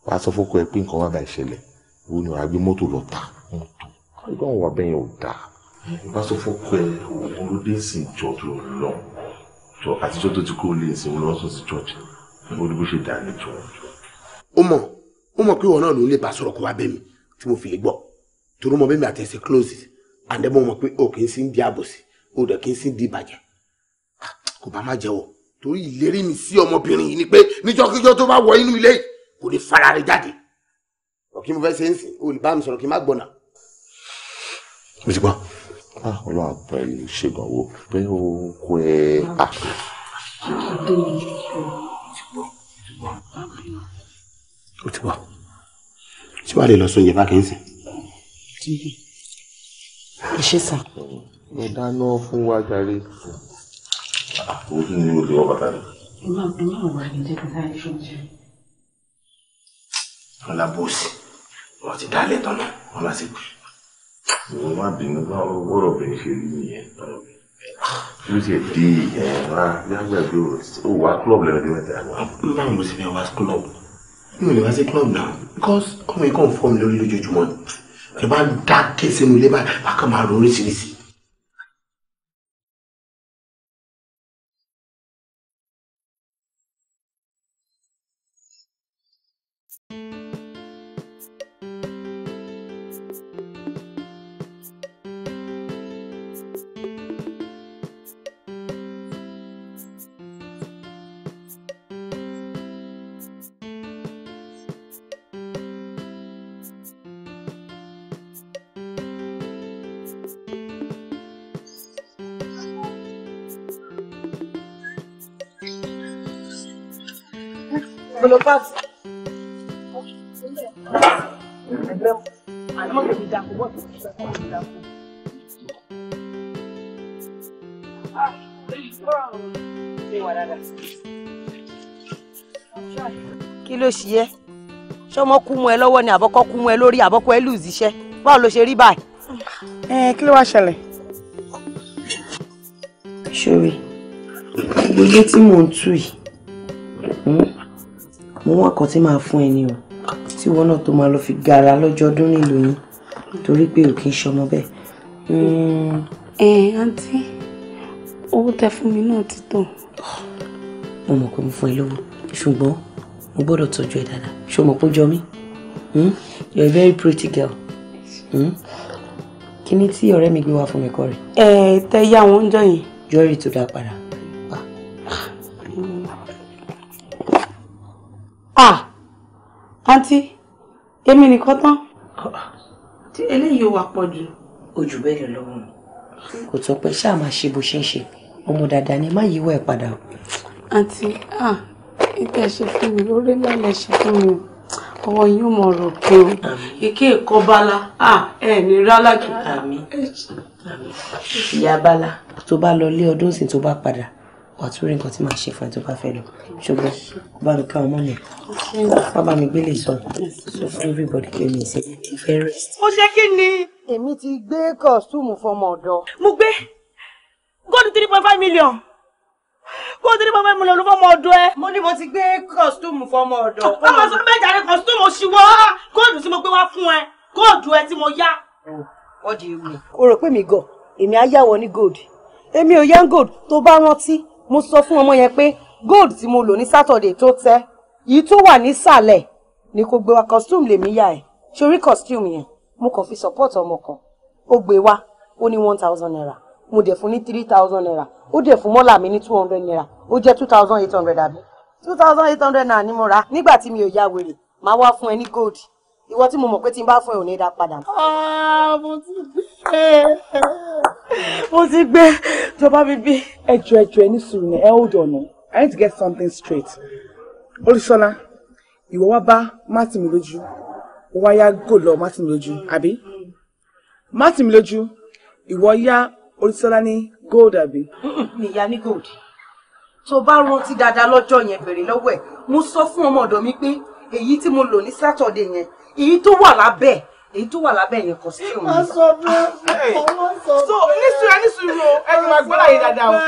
S6: wàá sọ fọkọ ẹ pé nǹkan wà bá ìṣẹ̀lẹ̀ òun ni wàá gbé mọ́tò lọ ta mọ́tò ọgbọ́n wà bẹ́yẹn ò dáa bá sọ fọ́kọ ẹ òun ló dé sí ìjọ tó lọ jọ àtijọ́ tó ti kó lè sìn òun lọ́sọ̀ sí chọ́ọ̀chì ó ní bó ṣe dà ní jọ.
S2: ó mọ̀ ó mọ̀ pé ìwọ náà ló ń lè bá sọ̀rọ̀ kó wá bẹ̀ mí tí mo fi lè gbọ́ torí mo bẹ̀ mí àtẹ̀sẹ̀ close àndẹ́ mo mọ̀ pé o kì í sí di àbòsí o dẹ̀ kì í sí di ìbàjẹ́ ah, kò bá má jẹ́wọ́ torí ìlérí mi sí ọmọbìnrin yìí ni pé níjọ́kíjọ́ tó bá wọ inú ilé kò ní fara rẹ̀ jáde ọ̀kí mo fẹ́ ṣe ń sìn olùbámu sọ̀rọ̀ kí n má gbọ́nà.
S6: Ah, ọlọ́run àpẹ ìṣègùnwó pé ó kó ẹ àpè. Ah. ó ti wà tí wàá lè lọ sóúnjẹ bá kì í sìn.
S4: ìṣe sà. mo
S6: dáná fún wa jàre. àpò kí ni o lè wọ bàtà rẹ. Ọlá bọ́ọ̀sì, wọ́n ti dálẹ̀ tán náà, wọ́n bá ti gbé mo má bínú bá ọgbọ́rọ̀ bẹ̀rẹ̀ ṣe rí nìyẹn ló ṣe di ẹ̀rọ gbàgbé ó wá club lẹ́nu bí mẹ́ta. báwo ló ṣe fẹ́ wá club
S2: mi ò lè wá sí club náà because ọmọ ikọ̀ ń fọ́ mi
S5: lórí lójoojúmọ́ ni ẹ bá dákẹ́ sínú ilé báyìí bá kàn máa ro oríṣiríṣi
S4: pass. Ẹgbẹ́ mu, àná kèmí dàkú, wọ́n ti sọ fún mi dàkú. Ah, kí ló ṣe yẹ? Ṣọ́mọ kú mọ́ ẹ lọ́wọ́ ni àbọ́kọ́ kú mọ́ ẹ lórí àbọ́kọ́ ẹ lùzí iṣẹ́. Báwo ló ṣe rí báyìí? Ẹ kí ló wá ṣẹlẹ̀? Ṣòwe, gbogbo tí mò ń tú yìí mo wá kan tí máa fún ẹni o tí wọn náà tó máa lọ fi gara lọ́jọ́ ọdún nílùú yín torí pé ò kí ń ṣọmọ bẹ́ẹ̀. ẹ ẹ àǹtí owó tẹ fún mi náà ti tó. mo mọ̀ pé mo fún ẹ lówó ṣùgbọ́n mo gbọ́dọ̀ tọ́jú ẹ dáadáa ṣé o mọ̀ pé ó jọ mí hmm? you're a very pretty girl. Hmm? kí ni tí ọ̀rẹ́ mi gbé wá fún mi kọ́ rẹ̀. ẹ tẹ yá wọn jọ yẹn. jọ́rì tó dáa padà. ah àǹtí èmi nìkan tán tí eléyìí wà pọ̀ jù. ojú bẹ́ẹ̀ lọ́wọ́ mi kò tó pé ṣáà máa ṣe bó ṣe ń ṣe ọmọ dáadáa ni má yíwọ́ ẹ̀ padà o. àǹtí ah nígbà ṣe fún mi lórí lálẹ́ ṣe fún mi ọwọ́ yóò mọ̀ ọ̀rọ̀ kí o ike ẹ̀kọ́ bala ah ẹ̀ ní rálákì. àmín àmín ìyá bala tó bá lọ lé ọdún sìn tó bá padà wà tó rí nǹkan tí màá ṣe fún ẹ tó bá fẹ́ lọ ṣùgbọ́n bá mi ká ọmọ mi wá bá mi gbélé sọ so fún everybody pé mi ṣe fẹ́ rest. ó ṣe kí ni. èmi ti gbé kọ́sùmù fọmọ ọ̀dọ́. mo gbé góòlù three point five million góòlù three point five million ló fọmọ ọ̀dọ́ ẹ. mo ní mo ti gbé kọ́sùmù fọmọ ọ̀dọ́. wọ́n sọ bẹ́ẹ̀ jàre kọ́sùmù òṣìwọ́ góòlù tí mo gbé wá fún ẹ góòlù ẹ tí mo yá. ó di ewu. o rò pé mi gọ̀ èmi á yàwọ̀ ní gold èmi ò yá gold tó bá rántí mo sọ fún ọmọ yẹn pé gold tí mo lò ní Saturday tó tẹ́ yìí tó wà nísàlẹ̀ ni kò gbé wa costume lèmi yá ẹ̀ sórí costume yẹn mo kàn fi support ọmọ kan ó gbé wa ó ní one thousand naira mo dẹ̀ fún ní three thousand naira ó dẹ̀ fún mọ́là mi ní two hundred naira ó jẹ́ two thousand eight hundred àbí two thousand eight hundred naira ni mo rà nígbà tí mi ò ya wèrè màá wá fún ẹ ní gold ìwọ tí mo mọ̀ pé tí n bá fún ẹ ò ní dá padà. Ah, mo ti gbé mo ti gbé jọba bíbí. ẹjọ ẹjọ ẹ ni hold on i need to get something straight. olùsọlá ìwọ wá bá martin mi lójú wá yá gò lọ martin mi lójú àbí martin mi lójú ìwọ yá olùsọlá ní gold Abi. mi ya ni gold tó bá rántí dáadáa lọ́jọ́ yẹn bèrè lọ́wọ́ ẹ̀ mo sọ fún ọmọ ọ̀dọ̀ mi pé èyí tí mo lò ní sátọ̀dẹ̀ yẹn èyí tó wà lábẹ́ èyí tó wà lábẹ́ yẹn kò sí òun. wọ́n sọ bẹ́ẹ̀ wọ́n ah, ah, sọ bẹ́ẹ̀. so nísìnyí ẹni sùúrù ẹni máa gbọ́dọ̀ yìí dáadáa o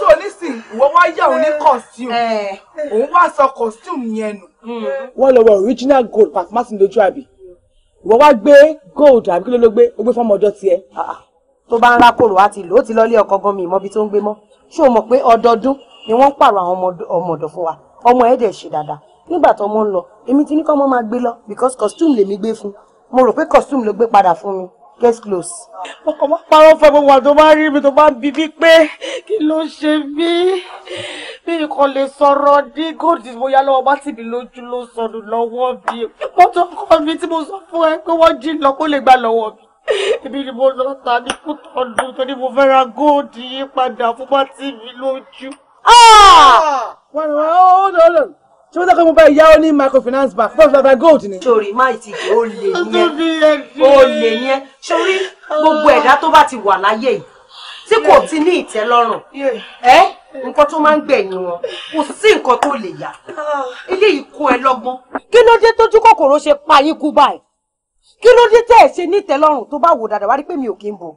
S4: so nísìnyí ìwọ wá yà òun ní costume eh. òun wá sọ costume yẹn nù. Hmm. wọ́n lọ wọ original gold Pat Martin lójú àbí ìwọ wá gbé gold àbí kí ló ló gbé ó gbé fọmọ ọjọ́ tiẹ̀. Ah, tó bá ń rá kòrò àti ìlú ó ti lọ́ọ́lé ọkọ̀ gan mi ìmọ̀bi tó ń gbé mọ́ ṣé o mọ̀ pé ọdọọdún ni wọ́n pààrọ̀ àwọn ọmọ ọ̀dọ̀ fún wa ọmọ ẹ̀ dẹ̀ ṣe dáadáa nígbà tó mo ń lọ èmi ti ní kọ́ mọ́ máa gbé lọ because costume lèmi gbé fún mo rò pé costume ló gbé padà fún mi get close. ọkọ̀ máa parọ́ fún gbogbo àti tó rí mi tó bá ń bi pé kí ló ṣe mí bí nǹkan lè sọ̀rọ̀ ní gòdì bóyá lọ́wọ́ bá tì mí lójú ló sọnù lọ́wọ́ mi mọ́tò ọkọ mi tí mo sọ fún ẹ pé wọ́n jí lọ kó lè gbà lọ́wọ́ mi èmi ni mo lọ ta ní kútọ́dún tó ní mo fẹ́ ra yí padà fún bá tì mí lójú. Ah! Ah! ṣé wọ́n sọ pé mo bá yáwó ní microfinance bank five thousand gold ni. sori máa ti kì ó lè yẹn ó lè yẹn sori gbogbo ẹ̀dá tó bá ti wà láyé yìí tí kò ti ní ìtẹ́lọ́rùn ẹ́ nǹkan tó máa ń gbẹ̀yìn wọn kò sí nǹkan tó lè yà eléyìí ah. kún ẹ lọ́gbọ́n. kí ló dé tójú kòkòrò ṣe pa yín kú báyìí kí ló dé tẹ́ ẹ ṣe ní ìtẹ́lọ́rùn tó bá wò dáadáa wá rí pé mi ò kí ń bọ̀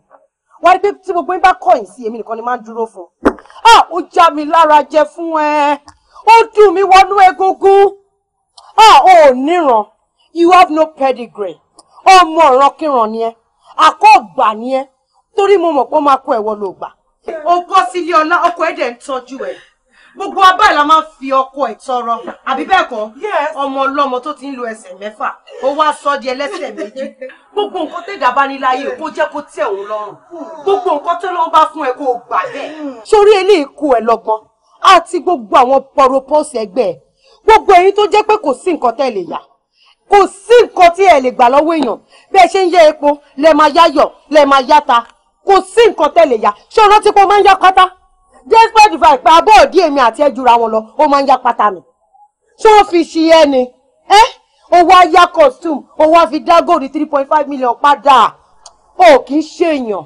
S4: wá pé tí gbogbo yín bá kọ̀yìn sí èmi nìkan ni máa ń dúró fún un. Ah, ó já mi lára jẹ fún ẹ ó dùn mí wọnú egungun ọ ò níran you have no pedigree ọmọ ìrankíran ni ẹ àkọ́gbà ni ẹ torí mo mọ̀ pé ó máa kó ẹ̀wọ́ ló gbà. ó bọ́ sílé ọlá ọkọ ẹ̀ dẹ̀ ń tọ́jú ẹ̀ gbogbo abá ìlà máa ń fi ọkọ ẹ̀ tọrọ àbí bẹ́ẹ̀ kọ́ ọmọ ọlọ́mọ tó ti ń lo ẹsẹ̀ mẹ́fà ó wá sọ di ẹlẹ́sẹ̀ méjì gbogbo nǹkan tẹ̀dá bá ní láyé kó jẹ́ kó tẹ̀ òun lọ́rùn gbogbo nǹkan tó lọ́wọ́ bá fún ẹ kó gbà bẹ́ẹ̀. sórí eléyìí kú ẹ lọ́gbọ́n àti gbogbo àwọn pọropọ́sì ẹgbẹ́ gbogbo ẹ̀yin tó jẹ́ pé kò sí nǹkan tẹ́ lè yà kò sí nǹkan tí ẹ lè gbà lọ́wọ́ èèyàn bẹ́ẹ̀ ṣe ń yá epo lẹ máa yáyọ̀ lẹ máa yáta kò sí nǹkan tẹ́ lè yà ṣé o rántí pé máa ń yá pátá despite the fact pé abọ́ èmi àti ẹjura wọn lọ o máa ń yá pátá mi ṣé wọ́n fi ṣí ẹ ni ẹ́ o wá yá costume o wá fi dá góòdì three point five million padà o kì í ṣèèyàn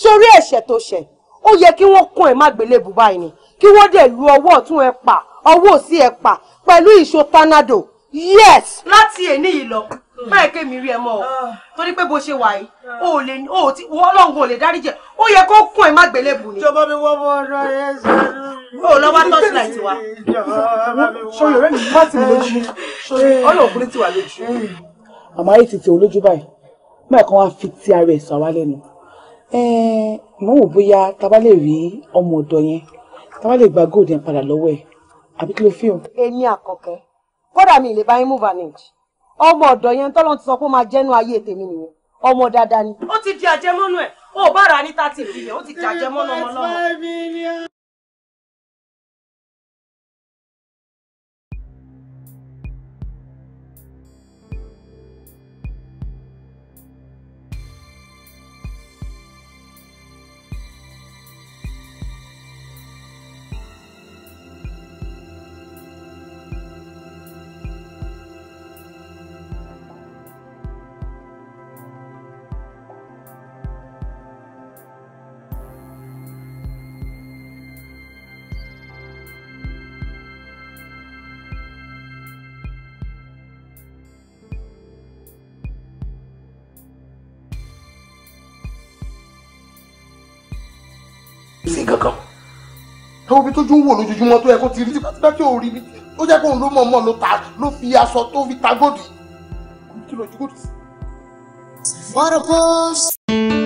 S4: sórí ẹ̀ṣẹ̀ tó ṣẹ̀ ó yẹ kí wọ́n kún ẹ̀ má gbélébùú báyìí ni kí wọ́n dẹ̀ lu ọwọ́ ọ̀tún ẹ pa ọwọ́ òsì ẹ pa pẹ̀lú ìṣó tornado yes. láti èní yìí lọ máa hmm. ké mi rí ẹ mọ́ ọ ah. torí pé bó ṣe wà yìí ah. o ò lè o ò ti Ọlọ́run ò lè dáríjẹ ó yẹ kó kún ẹ má gbélébù ni. ìjọba mi wọ́n mọ ọ̀rọ̀ rẹ sọ́dún. o lọ wá tọ́sí láì tiwa. sọyọ rẹ mi má ti lójú eh. ọlọ òkúlẹ̀ tiwa lójú. Eh. àmọ́ ayé ti olójú báyìí máa wá fi ti ara ẹ̀ sọ àwa lẹ́nu. ìmọ̀ eh, wò bóyá tá a bá lè rí ọmọ ọ̀dọ́ yẹn táwa lè gba gold yẹn padà lọ́wọ́ ẹ̀ àbí kí ló fi hàn. èmi àkọ́kẹ́ kódà mi lè bá yín move an ọmọ ọ̀dọ̀ yẹn tọ́lọ́ ti sọ pé ó máa jẹ́nu ayé tèmi nìyẹn ọmọ dáadáa ni. ó ti di àjẹmọ́nú ẹ̀ ó bá rà ní thirty billion ó ti di àjẹmọ́nú ọmọ náà.
S2: sí kankan àwọn tójú ń wò lójoojúmọ́ tó yẹ kó ti rí tipátipá tí ò rí bí ó jẹ́ kóun ló mọ̀ mọ́ ló ta ló fi aṣọ tó fi ta gòdì kí ló ju gòdì
S5: sí.